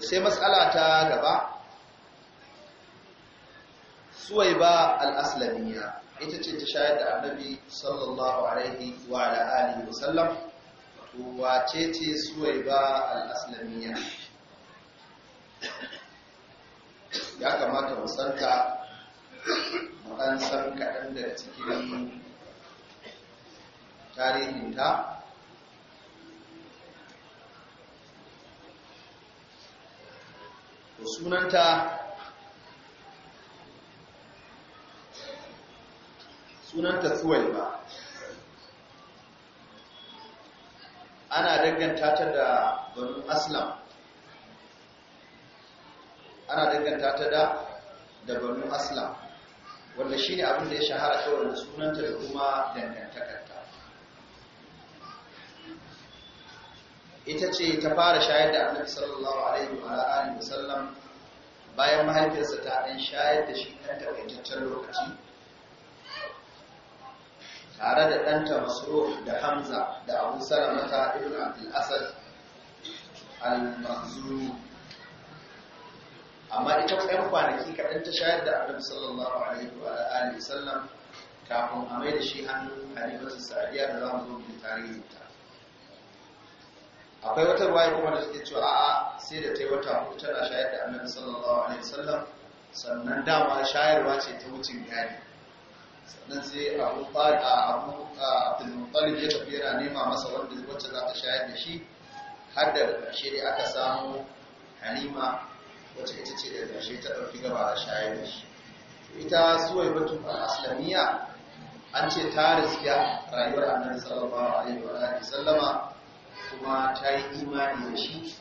sai matsala ta gaba suwai ba al'aslamiya ita ce ta shayar da annabi sallallahu alaihi wa ala'ali musallam wace ce suwai ba al'aslamiya ya kamata musanta an san kaɗan da cikin tarihinta sunanta sunanta tsuwai ba ana danganta ta da banu aslam ana danganta ta da da banu aslam wanda shi ne abin da ya shahara kawai sunan sunanta da kuma dangantakarta ita ce ta fara shayar da annabi sallallahu alaihi wa alihi wasallam bayan mahaifiyarsa ta ɗan shayar da shi ɗan takaitaccen lokaci tare da ɗanta masro da hamza da abu mata, irin abdul asad al-mahzuni amma ita ɗan kwanaki kaɗan ta shayar da abin sallallahu alaihi wa alihi sallam kafin a mai da shi hannun halimatu sa'diya da zamu zo mai tarihin ta akwai wata ruwaya kuma da suke cewa a'a sai da ta yi wata hutu tana shayar da abin sallallahu alaihi wa sallam sannan dama shayarwa ce ta wucin gani sannan sai abu fada abu abdulmutalib ya tafi yana nema masa wanda wacce za ta shayar da shi har da ƙarshe dai aka samu halima wacce ita ce da ƙarshe ta ɗauki gaba a shayar da shi ita suwai batu a an ce ta riskiya rayuwar annabi sallallahu alaihi wa alihi sallama kuma ta yi imani da shi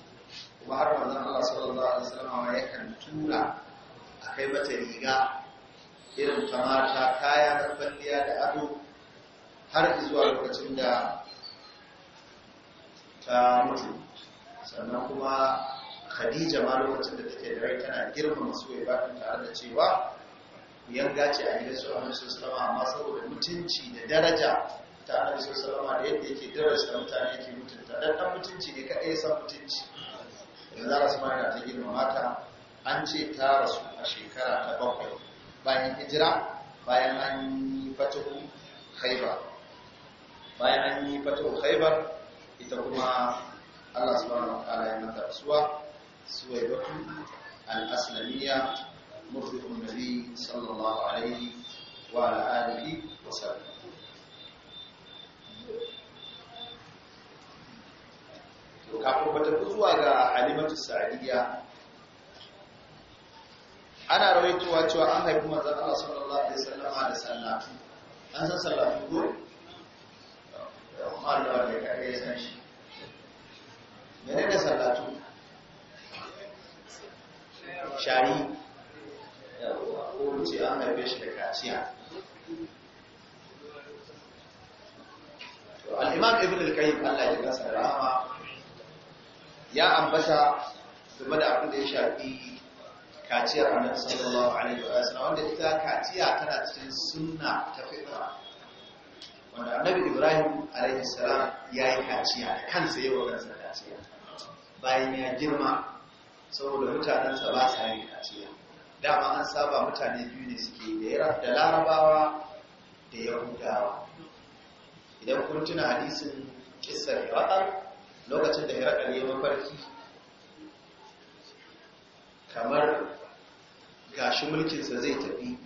kuma har manzon Allah sallallahu alaihi wa sallama ya kan tura akai mata riga irin ta kaya na kwalliya da ado har zuwa lokacin da ta mutu sannan kuma khadija ma lokacin da take da rai tana girmama su ya ba tare da cewa yanga ce a gidan su su sama amma saboda mutunci da daraja ta annabi sama da yadda yake daraja mutane yake mutunta dan dan mutunci ne kadai ya san mutunci yanzu za su ta girmama mata? an ce ta rasu a shekara ta bakwai bayan hijira bayan an yi fatahu khaibar bayan an yi fatahu khaibar ita kuma Allah subhanahu wa ta'ala ya mata suwa suwaibatu al-aslamiyya murdiqun nabi sallallahu alaihi wa ala alihi wa sallam kafin fatahu zuwa ga halimatu sa'adiyya ana rawaitowa cewa an haifi manzon Allah sallallahu alaihi wasallam da sallah an san sallah ko Allah da wanda ya san shi mene da sallatu shari ko wuce an haife shi da kaciya al'imam ibn al-qayyim Allah ya gasa rama ya ambata game da abin da ya shafi kaciyar annabi sallallahu alaihi wa sallam wanda ita kaciya tana cikin sunna ta fitra wanda annabi ibrahim alaihi salam ya yi kaciya da kansa yi wa kansa kaciya bayan ya girma saboda mutanensa ba sa yin kaciya dama an saba mutane biyu ne suke da larabawa da yahudawa idan kun tuna hadisin kissar yawatar lokacin da ya raɗa ya mafarki kamar gashi mulkinsa zai tafi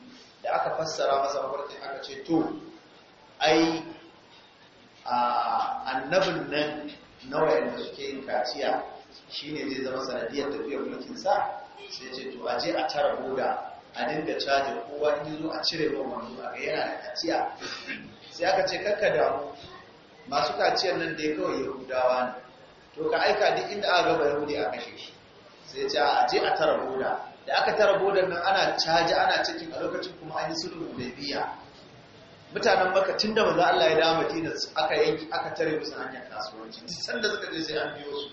da aka fassara masa mafarki aka ce to ai annabin nan na wayanda suke yin kaciya shine zai zama sanadiyar tafiyar mulkinsa sai ce to a je a tara boda a dinga caji kowa in zo a cire ba wanzu a ga yana da kaciya sai aka ce kakka damu masu kaciyar nan da ya kawai yahudawa ne to ka aika duk inda aka gaba yahudi a kashe shi sai ce a je a tara boda da aka tara boda nan ana caji ana cikin a lokacin kuma an yi da biya. mutanen maka tun da maza Allah ya dawo Madina aka yanki aka tare musu hanyar kasuwanci sanda suka je sai an biyo su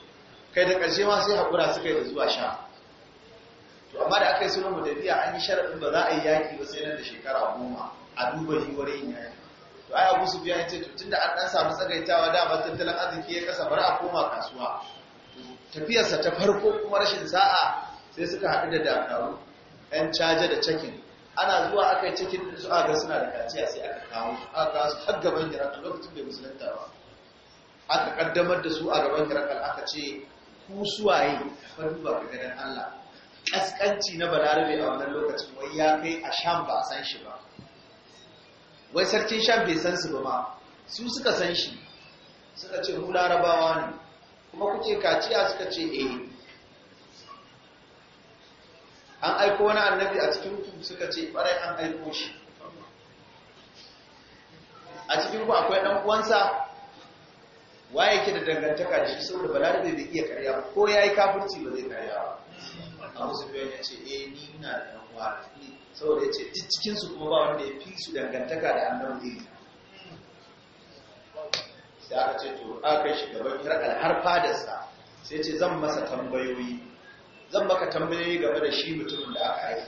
kai da ƙarshe ma sai haƙura suka yi da zuwa sha to amma da aka yi da biya, an yi sharaɗin ba za a yi yaƙi ba sai nan da shekara goma a duba yiwuwar yin yaƙi to ai Abu biya ya ce to da an dan samu tsagaitawa da matattalin tattalin arziki ya kasa bari a koma kasuwa tafiyarsa ta farko kuma rashin sa'a sai suka haɗu da dakaru ‘yan caje da cakin ana zuwa aka yi cikin da su aga suna da kaciya sai aka kawo aka su har gaban a lokacin bai musulunta ba aka kaddamar da su a gaban hirakal aka ce ku suwaye farin ba ga ganin allah ƙasƙanci na balarabe a wannan lokacin wai ya kai a sham ba a san shi ba wai sarkin sham bai san su ba ma su suka san shi suka ce mu larabawa ne kuma kuke kaciya suka ce eh an aiko wani annabi a cikin ku suka ce ɓarai an aiko shi a cikin ku akwai ɗan uwansa waye ke da dangantaka da shi saboda balarabe bai iya karya ko ya yi kafirci ba zai karya ba abu su ya ce eh ni ina da ɗan uwa saboda ya ce cikin su kuma ba wanda ya fi su dangantaka da annabi sai aka ce to aka shi gaban al'harfa da sa, sai ce zan masa tambayoyi zan maka tambayoyi game da shi mutumin da aka yi.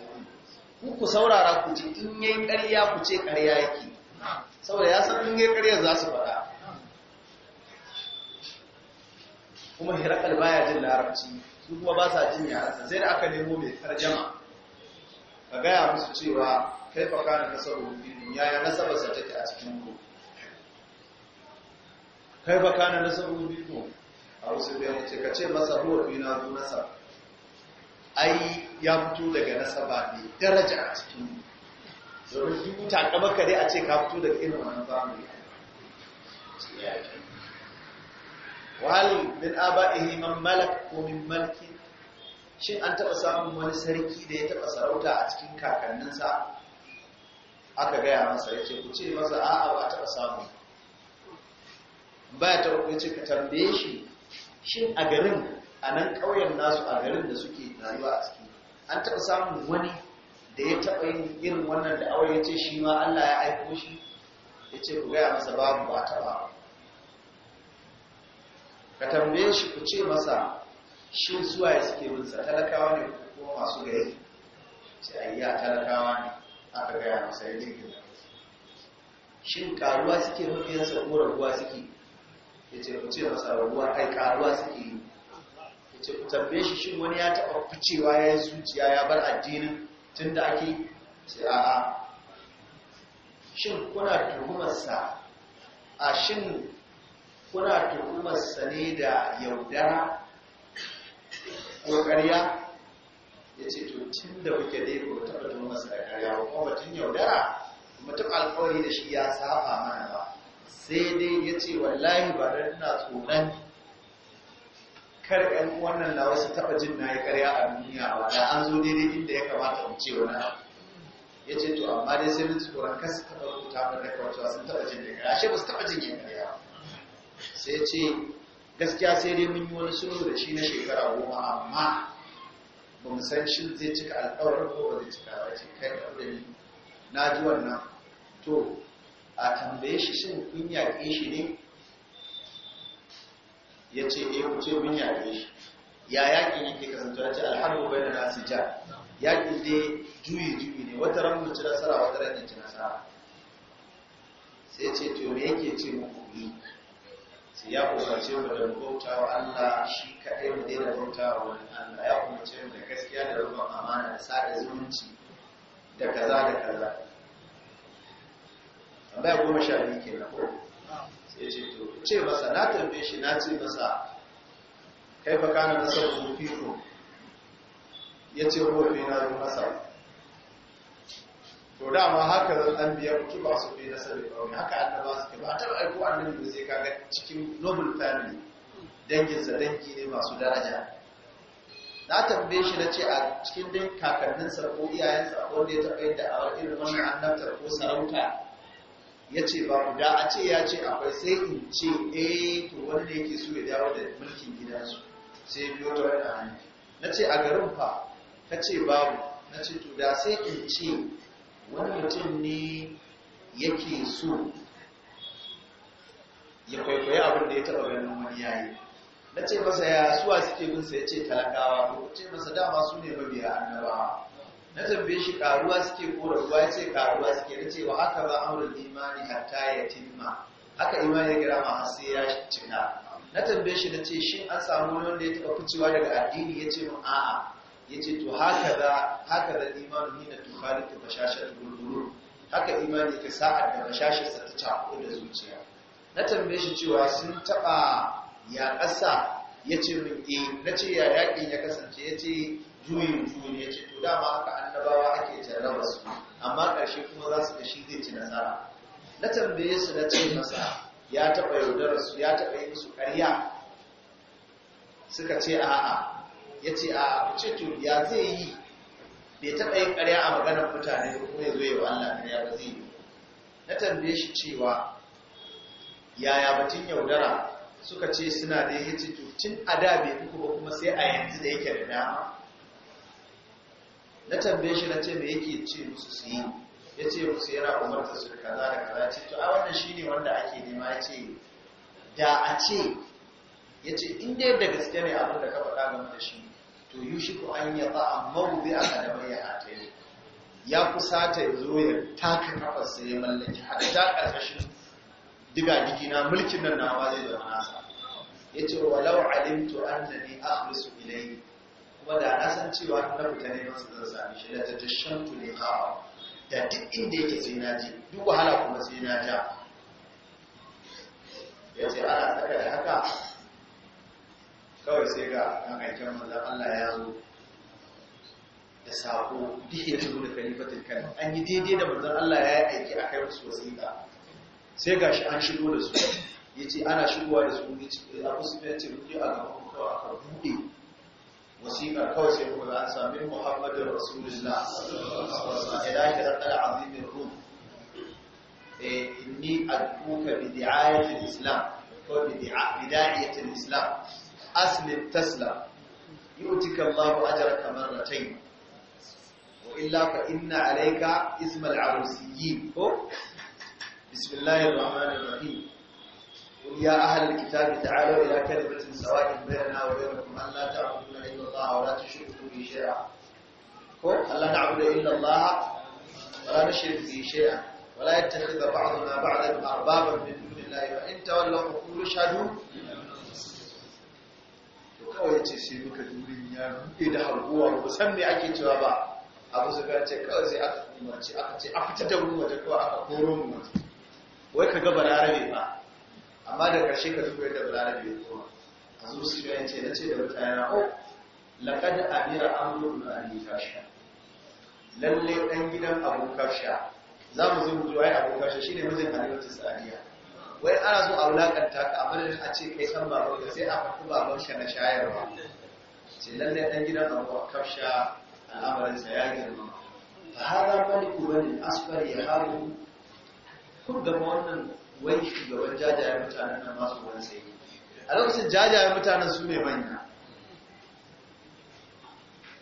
ku ku saurara ku ce in yayin ƙarya ku ce ƙarya yake saboda ya san in yayin ƙarya za su faɗa kuma hirakal baya jin larabci su kuma ba sa jin yaransa sai da aka nemo mai tarjama ka gaya musu cewa kai fa kana nasaru fi dunya ya sa take a cikin ku kai ba kana sabu biyu a wasu bayan ce ka ce masa ruwa biyu na zuwa nasa ai ya fito daga nasa ba ne daraja a cikin domin ta takamaka kare a ce ka fito daga irin wannan zamani wahal min aba'ihi man malak ko min malki shin an taɓa samun wani sarki da ya taɓa sarauta a cikin kakanninsa aka gaya masa ya ce ku ce masa a'a ba taɓa samun ba ta uku ce ka tambaye shi shin a garin a nan ƙauyen nasu a garin da suke rayuwa a ciki an taɓa samun wani da ya taɓa yin irin wannan da aure ya ce shi ma Allah ya aiko shi ya ce ku gaya masa babu ba ba ka tambaye shi ku ce masa shi zuwa ya suke binsa talakawa ne ko masu gari sai a yi a talakawa ne aka gaya masa ya jirgin shin karuwa suke mafiyansa ko raguwa suke Yace ce ce masa rabuwa kai karuwa suke yi ya ce tambaye shi shin wani ya taɓa ficewa ya yi zuciya ya bar addinin tun da ake ce a'a shin kuna tuhumarsa a shin kuna tuhumarsa ne da yaudara ko ƙarya ya ce to tun da kuke dai ko taɓa tuhumarsa da ƙarya ko kuma tun yaudara mutum alƙawari da shi ya saba mana sai dai ya ce wallahi ba da ina tsoron kar wannan na wasu taɓa jin na ya ƙarya a duniya ba da an zo daidai inda ya kamata mu ce wani abu ya ce to amma dai sai mun tsoron kar su taɓa rubuta min da kawai sun taɓa jin da ƙarya ashe ba su taɓa jin ya ƙarya sai ce gaskiya sai dai mun yi wani sulhu da shi na shekara goma amma ba mu san shi zai cika alƙawarin ko ba zai cika ba ce kai ɗaure na ji wannan to a tambaye shi shi kun yaƙe shi ne ya ce ɗaya eh, ku ce mun yaƙe shi ya ke yake ya ce alharbu bai da nasu ja Yaƙi ne juyi juyi ne wata ran mu ci nasara wata ran ci nasara sai ce to me yake ce muku kuɗi. sai ya umarce mu da rubuta wa Allah shi kaɗai mu daina rubuta wa wani Allah ya umarce mu da gaskiya da rubuta amana da da zumunci da kaza da kaza tambaya goma sha biyu ke nan sai ce to ce masa na tarbe shi na ce masa kai fa kana nasar zufiku ya ce rufe na yi masa to dama haka zan an biya mutu ba su fi ba, da haka annaba su ke ba ta aiko nan da sai kaga cikin noble family danginsa dangi ne masu daraja na tambaye shi na ce a cikin din kakanninsa ko iyayensa ko da ya taɓa yadda a irin wannan annabtar ko sarauta ya ce ba ku da a ce ya ce akwai sai in ce eh to wanda yake so ya dawo da mulkin gidansu sai biyo ta wani hannu, na ce a garin fa ka ce babu na ce to da sai in ce wani mutum ne yake so ya kwaikwayi abin da ya taɓa ganin wani yayi na ce masa ya suwa suke bin sa ya ce talakawa ko ce masa dama su ne mabiya annabawa na tambaye shi karuwa suke ko rabuwa ya ce karuwa suke na cewa haka ba amurin imani hatta ya timma haka imani ya gira ma har ya cika na tambaye shi na ce shin an samu wanda ya taɓa ficewa daga addini ya ce mun a'a ya ce to haka da haka da imanu ni na tukhali ta bashashar gurguru haka imani ka sa'ad da bashashar sa ta cako da zuciya na tambaye shi cewa sun taɓa ya ƙasa ya ce min eh na ce ya yaƙin ya kasance ya ce juyin juyin ya ce to dama haka annabawa ake jarraba su amma ƙarshe kuma za su shi zai ci nasara na tambaye su na ce masa ya taɓa yaudar su ya taɓa yi musu ƙarya suka ce a'a ya ce a'a ce to ya zai yi bai taɓa yin ƙarya a maganar mutane ko ya zo yi wa Allah ya ba zai yi na tambaye shi cewa yaya batun yaudara suka ce suna da ya ce tun a da bai ba kuma sai a yanzu da yake da dama na tambaye shi na ce mai yake ce musu su yi ya ce musu yana umarta su da kaza da kaza ce to a wannan ne wanda ake nema ya ce da a ce ya ce in dai da gaske ne abin da ka faɗa game da shi to yi shi ko an yaba amma gobe a kadamar ya hata yi ya kusa ta ya zo ya taka kafarsa ya mallaki hatta ƙarƙashin diga na mulkin nan na zai zama nasa ya ce walau alimtu annani akhlisu ilayhi kuma da na san cewa na fita ne masu zan sami shi da ta shan tuni kawo da duk inda yake sai na ji duk wahala kuma sai na ja ya ce ana tsaka da haka kawai sai ga ɗan aikin manzan Allah ya zo da sako duk ya shigo da kalifatin kan an yi daidai da manzan Allah ya yi aiki a kai wasu wasiƙa sai ga shi an shigo da su ya ce ana shigowa da su a kusurci rufe a gaban kawai aka buɗe wasiƙa kawai sai kuma an sami muhammadin rasulullah ila kiran al'azimin rum eh, inni ad'uka bi di'ayatil islam ko bi di'ayatil islam aslim taslam yu'tika Allahu ajraka marratayn wa illa fa inna alaika ismal arusiyyin ko يا أهل الكتاب تعالوا إلى كلمة سواء بيننا وبينكم أن لا تعبدون إلا الله ولا تشركوا به شيئا ألا نعبد إلا الله ولا نشرك به شيئا ولا يتخذ بعضنا بعضا أربابا من دون الله وإن تولوا فقولوا اشهدوا kawai ce sai muka durin ya rufe da harguwa ba san me ake cewa ba abu zuba ce kawai sai aka umarci aka ce a fita da mu waje kawai aka koro mu wai ka gaba da rabe ba amma da ƙarshe ka zuwa da bala da yankuwa a zuwa su yi ce na ce da mutane na o da amira amuru na alika sha lalle ɗan gidan abokan sha za mu zo mutuwa ya ai abokan shi shine mazin halittar sariya wai ana so a wulaƙanta ka amma da a ce kai san baban ka sai a faɗi baban sha na shayarwa ce lalle ɗan gidan abokan sha al'amarinsa ya girma fa hada maliku bani asfari ya haru kun gama wannan wai shugaban jajayen mutanen na masu wani sai a lokacin jajayen mutanen su ne manya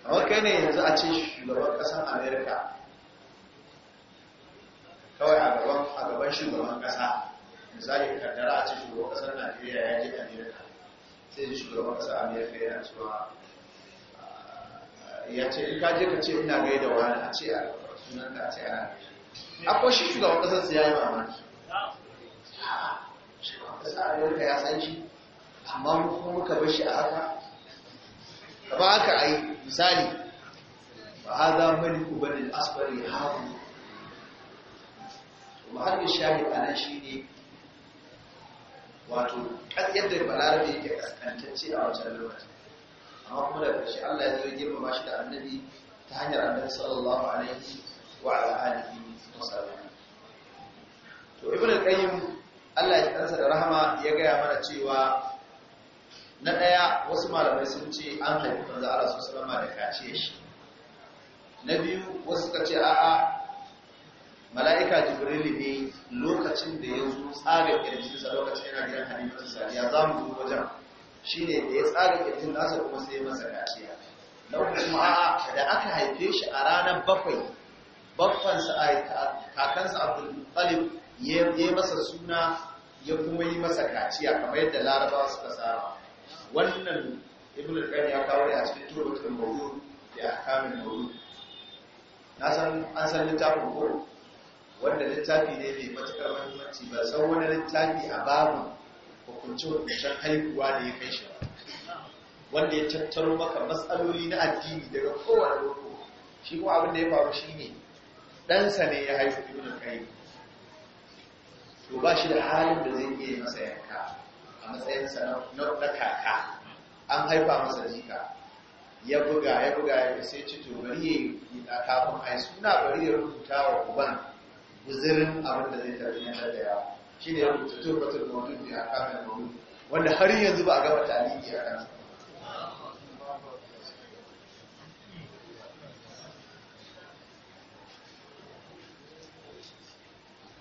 A wakai ne yanzu a ce shugaban ƙasan amerika kawai a gaban shugaban ƙasa misali kaddara a ce shugaban ƙasar najeriya ya je amerika sai ji shugaban ƙasar amerika yana cewa ah, ya ce in kaje ka ce ina gaida wani a ce a sunan a ce ana akwai shi shugaban ƙasar su ya yi mamaki a rayuwarka ya san shi amma kuma muka bashi a haka ba haka a yi misali ba a za mani kubanin asibari haku ma'arfin shahid a nan shi ne wato yadda balarabe yake kaskantacce a wancan lokacin amma kuma da ƙarshe allah ya zo girma ba shi da annabi ta hanyar annabi sallallahu alaihi wa ala alihi to ibn al-qayyim Allah ya kansa da rahama ya gaya mana cewa na ɗaya wasu malamai sun ce an haifi manzo Allah su sallama da kace shi na biyu wasu ka ce a'a mala'ika jibrilu ne lokacin da ya zo tsarin sa lokacin yana gidan sa ya za mu zo wajen shi da ya tsarin ƙirjin nasa kuma sai masa kaciya na kuma a'a da aka haife shi a ranar bakwai bakwansa a kakansa abdul talib ya yi masa suna ya kuma yi masa kaciya kamar yadda larabawa suka saba wannan ibn al-qayyim ya kawo a cikin turbatul mawdu da ahkamin mawdu na san an san littafin ko wanda littafi ne mai matakar muhimmanci ba san wani littafi a babu hukuncin hukuncin haihuwa da ya kai shi ba wanda ya tattaro maka matsaloli na addini daga kowane roko shi kuma abin da ya faru shine ɗansa ne ya haifu ibn al-qayyim to ba shi da halin da zai iya masa ka a matsayinsa na kaka an haifa masa jika ya buga ya buga ya sai ci to bari ya yi a kafin a yi suna bari ya rubuta wa uban guzirin abin da zai tarbi na da yawa shi ne ya rubuta turbatul maudu ne a kafin maudu wanda har yanzu ba a gama taliki a kansa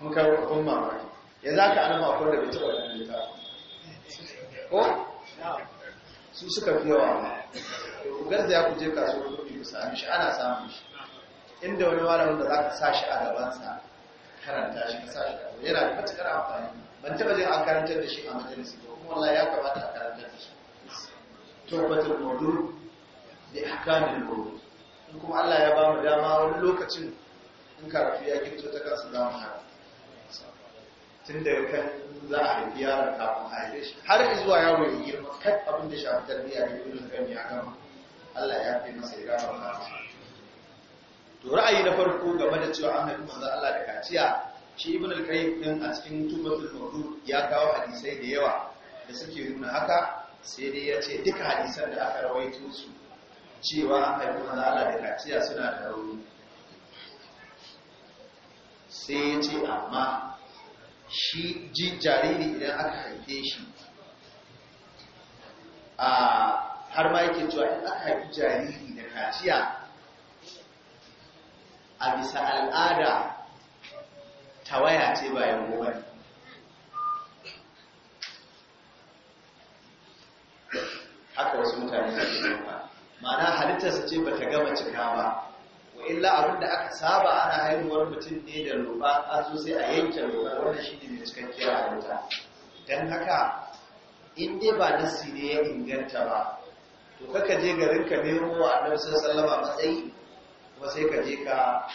mun kawo kun mamaki ya za ka ana akwai da bai taɓa wannan littafin ko su suka fi yawa ku ya kuje je kasuwar kuma ku sami shi ana samun shi inda wani malamin da za ka sa shi a gabansa karanta shi ka sa shi a yana da matukar amfani ban taɓa jin an karantar da shi a majalisi ba kuma wallahi ya kamata a karantar da shi tawbatul mawdu da ahkamul in kuma Allah ya ba mu dama wani lokacin in karatu ya kinto ta kasu za mu tun yau kan za a haifi yaron kafin a haife shi har zuwa yaro ya girma kai abin da shafi tarbiyya ne ibn kan ya gama Allah ya fi masa ya gama to ra'ayi na farko game da cewa an haifi manzo Allah da kaciya shi ibn al-qayyim din a cikin tubatul mawdu ya kawo hadisai da yawa da suke nuna haka sai dai ya ce duka hadisan da aka rawaito su cewa an haifi manzo Allah da kaciya suna da rauni sai ya ce amma shi ji jariri idan aka haife shi a har ma yake cewa in aka haifi jariri da kaciya a bisa al'ada tawaya ce bayan goma haka wasu mutane suke ba, ma'ana halittarsa ce ba ta gama cika ba illa abin da aka saba ana haihuwar mutum ne da roba a zo sai a yanke roba wanda shi ne mai cikakkiyar halitta don haka in dai ba nasi ne ya inganta ba to kaka je garin ka nemo wa sun sallama matsayi kuma sai ka je ka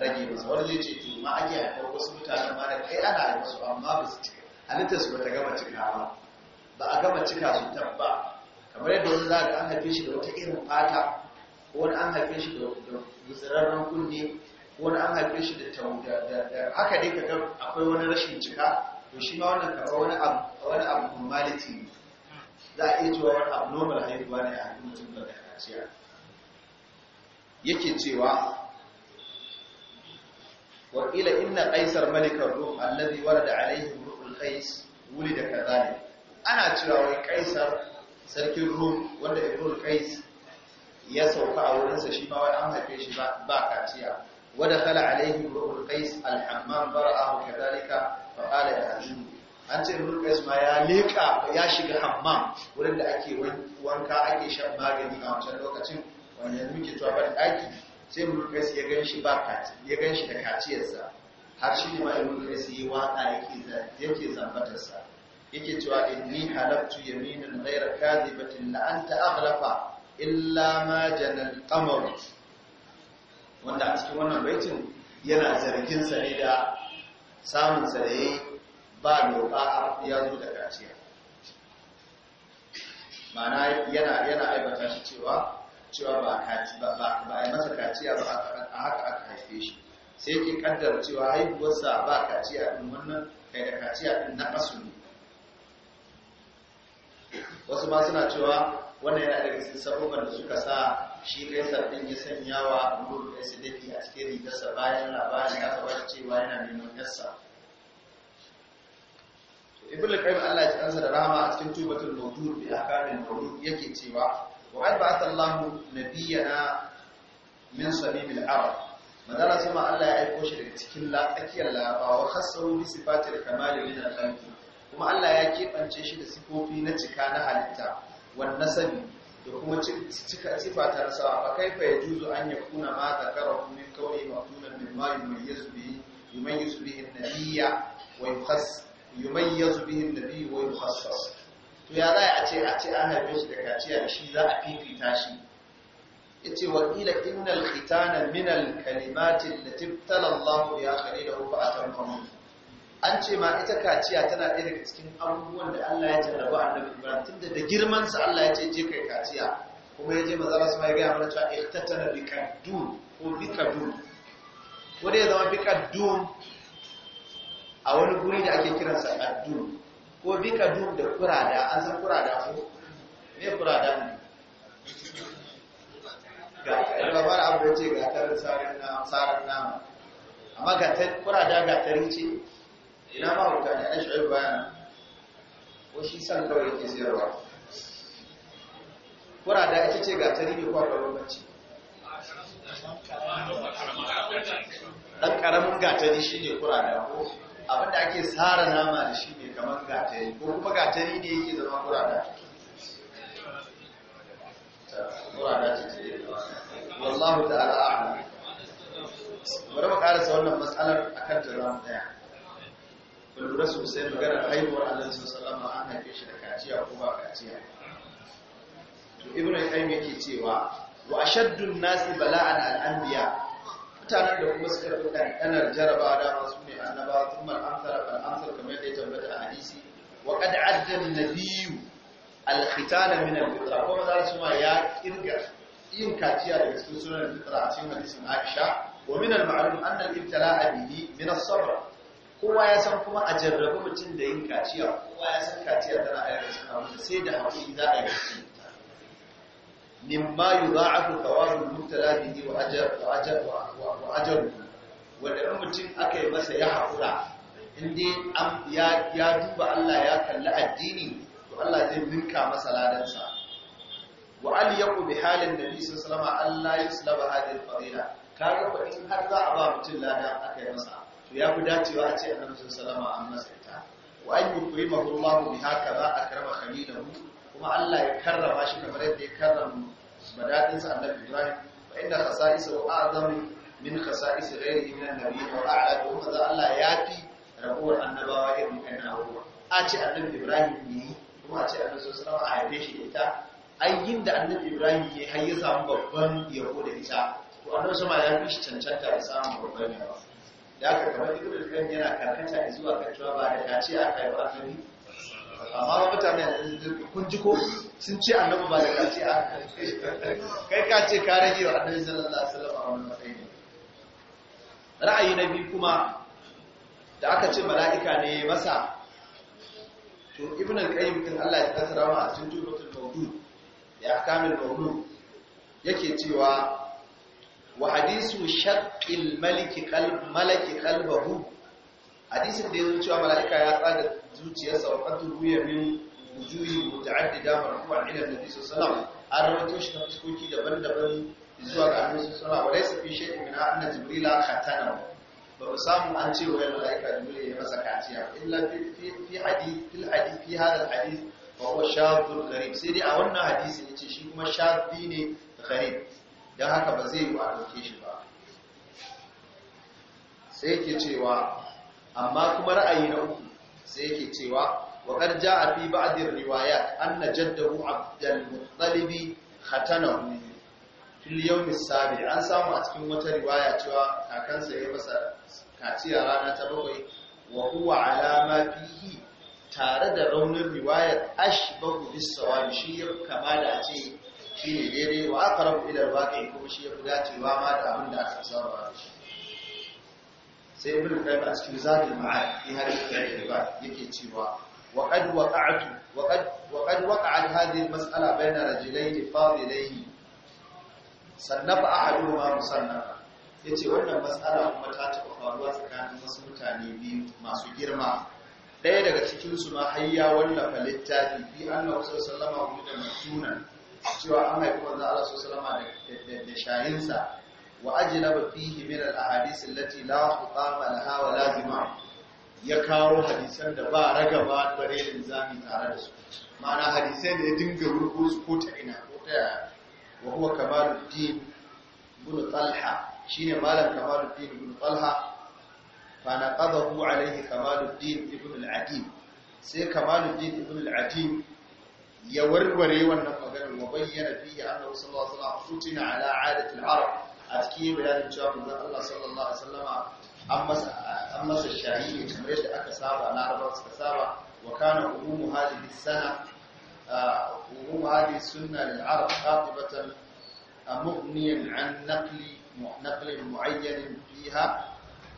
rage masa wani zai ce to ma ake haifar wasu mutane ma da kai ana haifar su amma ba su cika halittar su bata gama cika ba ba a gama cika su tabba kamar yadda wani za ka an haife shi da wata irin fata wani an haife shi da gutsirarren kunne wani an haife shi da haka dai kaga akwai wani rashin cika to shi ma wannan kaba wani wani ne za a iya cewa wani abnormal haihuwa ne a mutum da kaciya yake cewa وقيل إن قيصر ملك الروم الذي alayhi عليه روح Wuli da كذلك ana أتشرى قيصر sarkin الروم wanda ابن القيس ya sauka a wurinsa shi ma wai an haife shi ba kaciya wada khala alaihi ruhul qais al-hammam bara'ahu kadhalika fa qala ya azim an ce ruhul qais ma ya leka ya shiga hammam wurin da ake wanka ake shan magani a wancan lokacin wanda yanzu muke cewa ban daki sai ruhul qais ya ganshi ba da kaciyarsa har shi ma ruhul qais yi waka yake yake zambatarsa yake cewa inni halabtu yaminan ghayra kadhibatin la anta aghlafa illa ma janar kamar wanda a cikin wannan baitin yana zargin sare da samun sa da ba doka ya zo da gaciya mana yana yana aibata shi cewa cewa ba kaci ba ba ai masa kaciya ba a haka aka haife shi sai ke kaddara cewa haihuwarsa ba kaciya din wannan kai da kaciya din na asu wasu ma suna cewa wannan yana daga cikin sabuwar da suka sa shi kai din ya sanya wa amur presidenti a cikin rigarsa bayan labarin ya ba cewa yana neman yarsa ibn al-qayyim Allah ya kansa da rahama a cikin tubatul mawdud bi ahkamin mawdud yake cewa wa ba'atha Allahu nabiyyana min sabibil arab madara sama Allah ya aiko shi daga cikin tsakiyar labawa, khassahu bi sifatil kamali min al-khalqi kuma Allah ya kebance shi da sifofi na cika na halitta wan sani, da kuma cika sifa ba kai fa ya yajuzu an kuna ma zakara min qawli maqtulan min ma yumayyizu bihi yumayyizu bihi an-nabiyya wa yukhass yumayyizu wa to ya za a ce a ce an haife shi da kaciya shi za a fifita shi yace wa qila innal khitana min al-kalimati allati ibtala Allahu biha khalilahu fa atamma an ce ma ita kaciya tana ɗaya daga cikin abubuwan da Allah ya jarraba annabi Ibrahim tun da girman sa Allah ya ce je kai kaciya kuma ya je manzo sama ya a mana cewa ihtatana bikadun ko bikadun wanda ya zama bikadun a wani guri da ake kiransa addun ko bikadun da kurada an san kurada ko me kurada ne ga labar abu ya ce ga tarin sarin nama amma ga kurada ga tarihi ce ina ma wuta ne ai shi baya ko shi san kawai yake siyarwa kura da ake ce ga tari ne kwakwar lokaci ɗan ƙaramin gatari shi ne kura da ko abinda ake tsara nama da shi ne kamar gatari ko kuma gatari ne yake zama kura da kurada ce ce wallahu ta'ala a'lam bari mu karasa wannan matsalar akan ta zamu tsaya ku lura sosai maganar haihuwar annabi sallallahu alaihi an haife shi da kaciya ko ba kaciya to ibnu qayyim yake cewa wa ashaddun nasi bala'an al-anbiya mutanen da kuma suka rabu ɗanɗanar jaraba da masu ne annaba sun mal'amsar al'amsar kamar yadda ya tambata a hadisi wa kad addan nabiyu alkhitana min al-fitra kuma za su ma ya kirga yin kaciya daga cikin sunan fitra a cikin hadisin Aisha wa min al-ma'lum anna al-ibtala'a bihi min as-sabr kowa ya san kuma a jarrabi mutum da yin kaciya kowa ya san kaciya tana ayyukan suna mutu sai da haƙuri za a yi shi mimma yudha'afu thawabul da bihi wa ajr wa ajr wa ajr mutum aka yi masa ya haƙura in dai ya duba Allah ya kalli addini to Allah zai ninka masa ladansa wa aliyaku bi halin nabi sallallahu alaihi wasallam Allah yuslaba hadhihi al-fadila kaga ko in har za a ba mutum lada aka yi masa ya fi dacewa a ce annabi sallallahu alaihi an masa ita wa an yukrima Allahu bi haka ba akrama mu? kuma Allah ya karrama shi kamar yadda ya karrama badadin sa annabi Ibrahim fa inna wa a'zamu min khasa'is ghairi min annabi wa a'la kuma za Allah ya fi rabuwar annabawa irin wannan abubuwa a ce annabi Ibrahim ne kuma a ce a sallallahu salama a haife shi ita ai yinda annabi Ibrahim ya har ya samu babban yabo da ita to annabi sama ya fi cancanta ya samu babban yabo da aka kamar ibn kan yana karkata zuwa ga cewa ba da dace a kai ba annabi amma ba mutane kun ji ko sun ce annabi ba da dace a kai ka ce ka rage wa annabi sallallahu alaihi wasallam a wannan matsayi ra'ayi na biyu kuma da aka ce mala'ika ne masa to ibn al-qayyim din Allah ya kasara ma a cikin jubatul mawdu ya kamil mawdu yake cewa wa hadisu shaqqil maliki qalb malaki qalbahu hadisin da yazo cewa malaika ya tsaga zuciyarsa wa qadru min wujuhi muta'addida marfu'a ila nabi sallallahu alaihi wasallam an rawaito shi ta fuskoki daban-daban zuwa ga annabi sallallahu alaihi wasallam wa laysa fi shay'in min anna jibrila khatana ba mu samu an ce wa ya malaika jibril ya masa kaciya illa fi fi hadith fil hadith fi hadha al hadith wa huwa shadhun gharib sai dai a wannan hadisi ce shi kuma shadhi ne gharib don haka ba zai yi a ɗauke shi ba sai yake cewa amma kuma ra'ayi na uku sai yake cewa waƙar ja a fi ba'adin riwaya an na jaddahu abdulmuttalibi hulu fil yau misali an samu a cikin wata riwaya cewa kakansa ya masa kaciya rana ta bakwai wa huwa alama fihi tare da raunin riwayar ashbahu bis sawabi shi ya kama da ce shi ne daidai wa aka rabu idar baƙi kuma shi ya fi dacewa ma da abin da aka saba da shi sai ibn qayyim a cikin zabi ma'ad fi hadith al ba yake cewa wa qad waqa'tu wa qad wa qad waqa'at hadhihi al-mas'ala bayna rajulayni fadilayni sannafa ahaduhuma Ya yace wannan mas'ala kuma ta taɓa faruwa tsakanin wasu mutane biyu masu girma ɗaya daga cikinsu ma hayya ya wallafa littafi fi annahu sallallahu alaihi da matunan cewa an haifi manzon Allah sallallahu alaihi da shayinsa wa ajlaba ba min al a allati la hutama laha wa lazima, ya kawo hadisan da ba ragaba bare linzami tare da su ma'ana hadisai da ya dinga rubo su ko ta ina ko ta yaya wa huwa kamaluddin ibn talha shine malam kamaluddin ibn talha fa naqadahu alaihi kamaluddin ibn al-adim sai kamaluddin ibn al-adim ya warware wannan مقرر المبين فيه أنه صلى الله عليه وسلم فتن على عادة العرب أذكي بلا نشاف من الله صلى الله عليه وسلم أمس أمس الشعير مريض أكسابة نعرف أكسابة وكان أمم هذه السنة أمم هذه السنة للعرب خاطبة آه، مغنيا عن نقل نقل معين فيها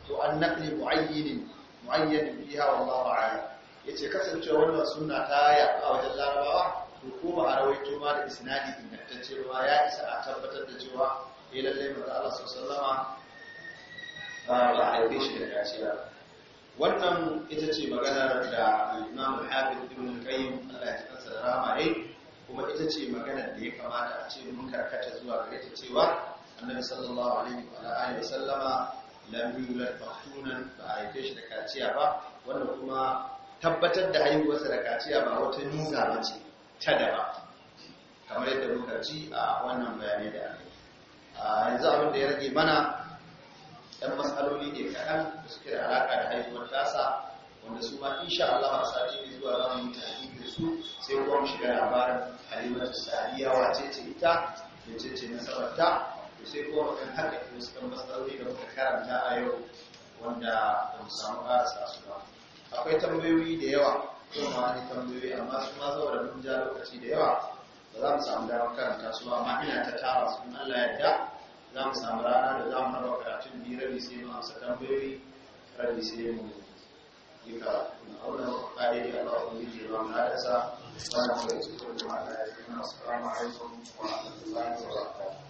وأن نقل معين معين فيها والله أعلم يتكسر تشوهنا سنة تاية أو جلال الله to ba a rawaito ba da isnadi ingantacce ba ya isa a tabbatar da cewa ya eh, lallai manzo Allah sallallahu alaihi ba a haife shi da kaciya wannan ita ce maganar da Imam Al-Hafiz Ibn Qayyim Allah ya tsara da rama kuma ita ce maganar da ya kamata a ce mun karkata zuwa gare ita cewa Annabi sallallahu alaihi wa alihi wasallama lam yulad maftunan ba a haife shi da kaciya ba wannan kuma tabbatar da haihuwarsa da kaciya ba wata nuna ba ce ta daba kamar yadda muka ci a wannan bayanai da a yanzu abin da ya rage mana ɗan matsaloli ne kaɗan da suke da alaƙa da haihuwar tasa wanda su ma insha Allah a sati ne zuwa za mu yi da su sai kuma mu shiga labarin halimatu sadiya wace ce ita da ce ce nasabarta sai kuma mu kan haɗa wasu ɗan matsaloli da muka karanta a yau wanda ba mu samu ƙarasa su ba akwai tambayoyi da yawa kuma wani amma su ma saboda mun ja lokaci da yawa ba za mu samu damar karanta su ba amma ina ta tara su in Allah ya da za mu samu rana da za mu harba karatun biyu rabi sai mu amsa tambayoyi rabi sai mu yi karatu na auna ƙa'idai Allah ku yi ba mu hadasa wannan kuma ya ci ko da ma'ana ya yi mana assalamu alaikum wa rahmatullahi wa barakatuh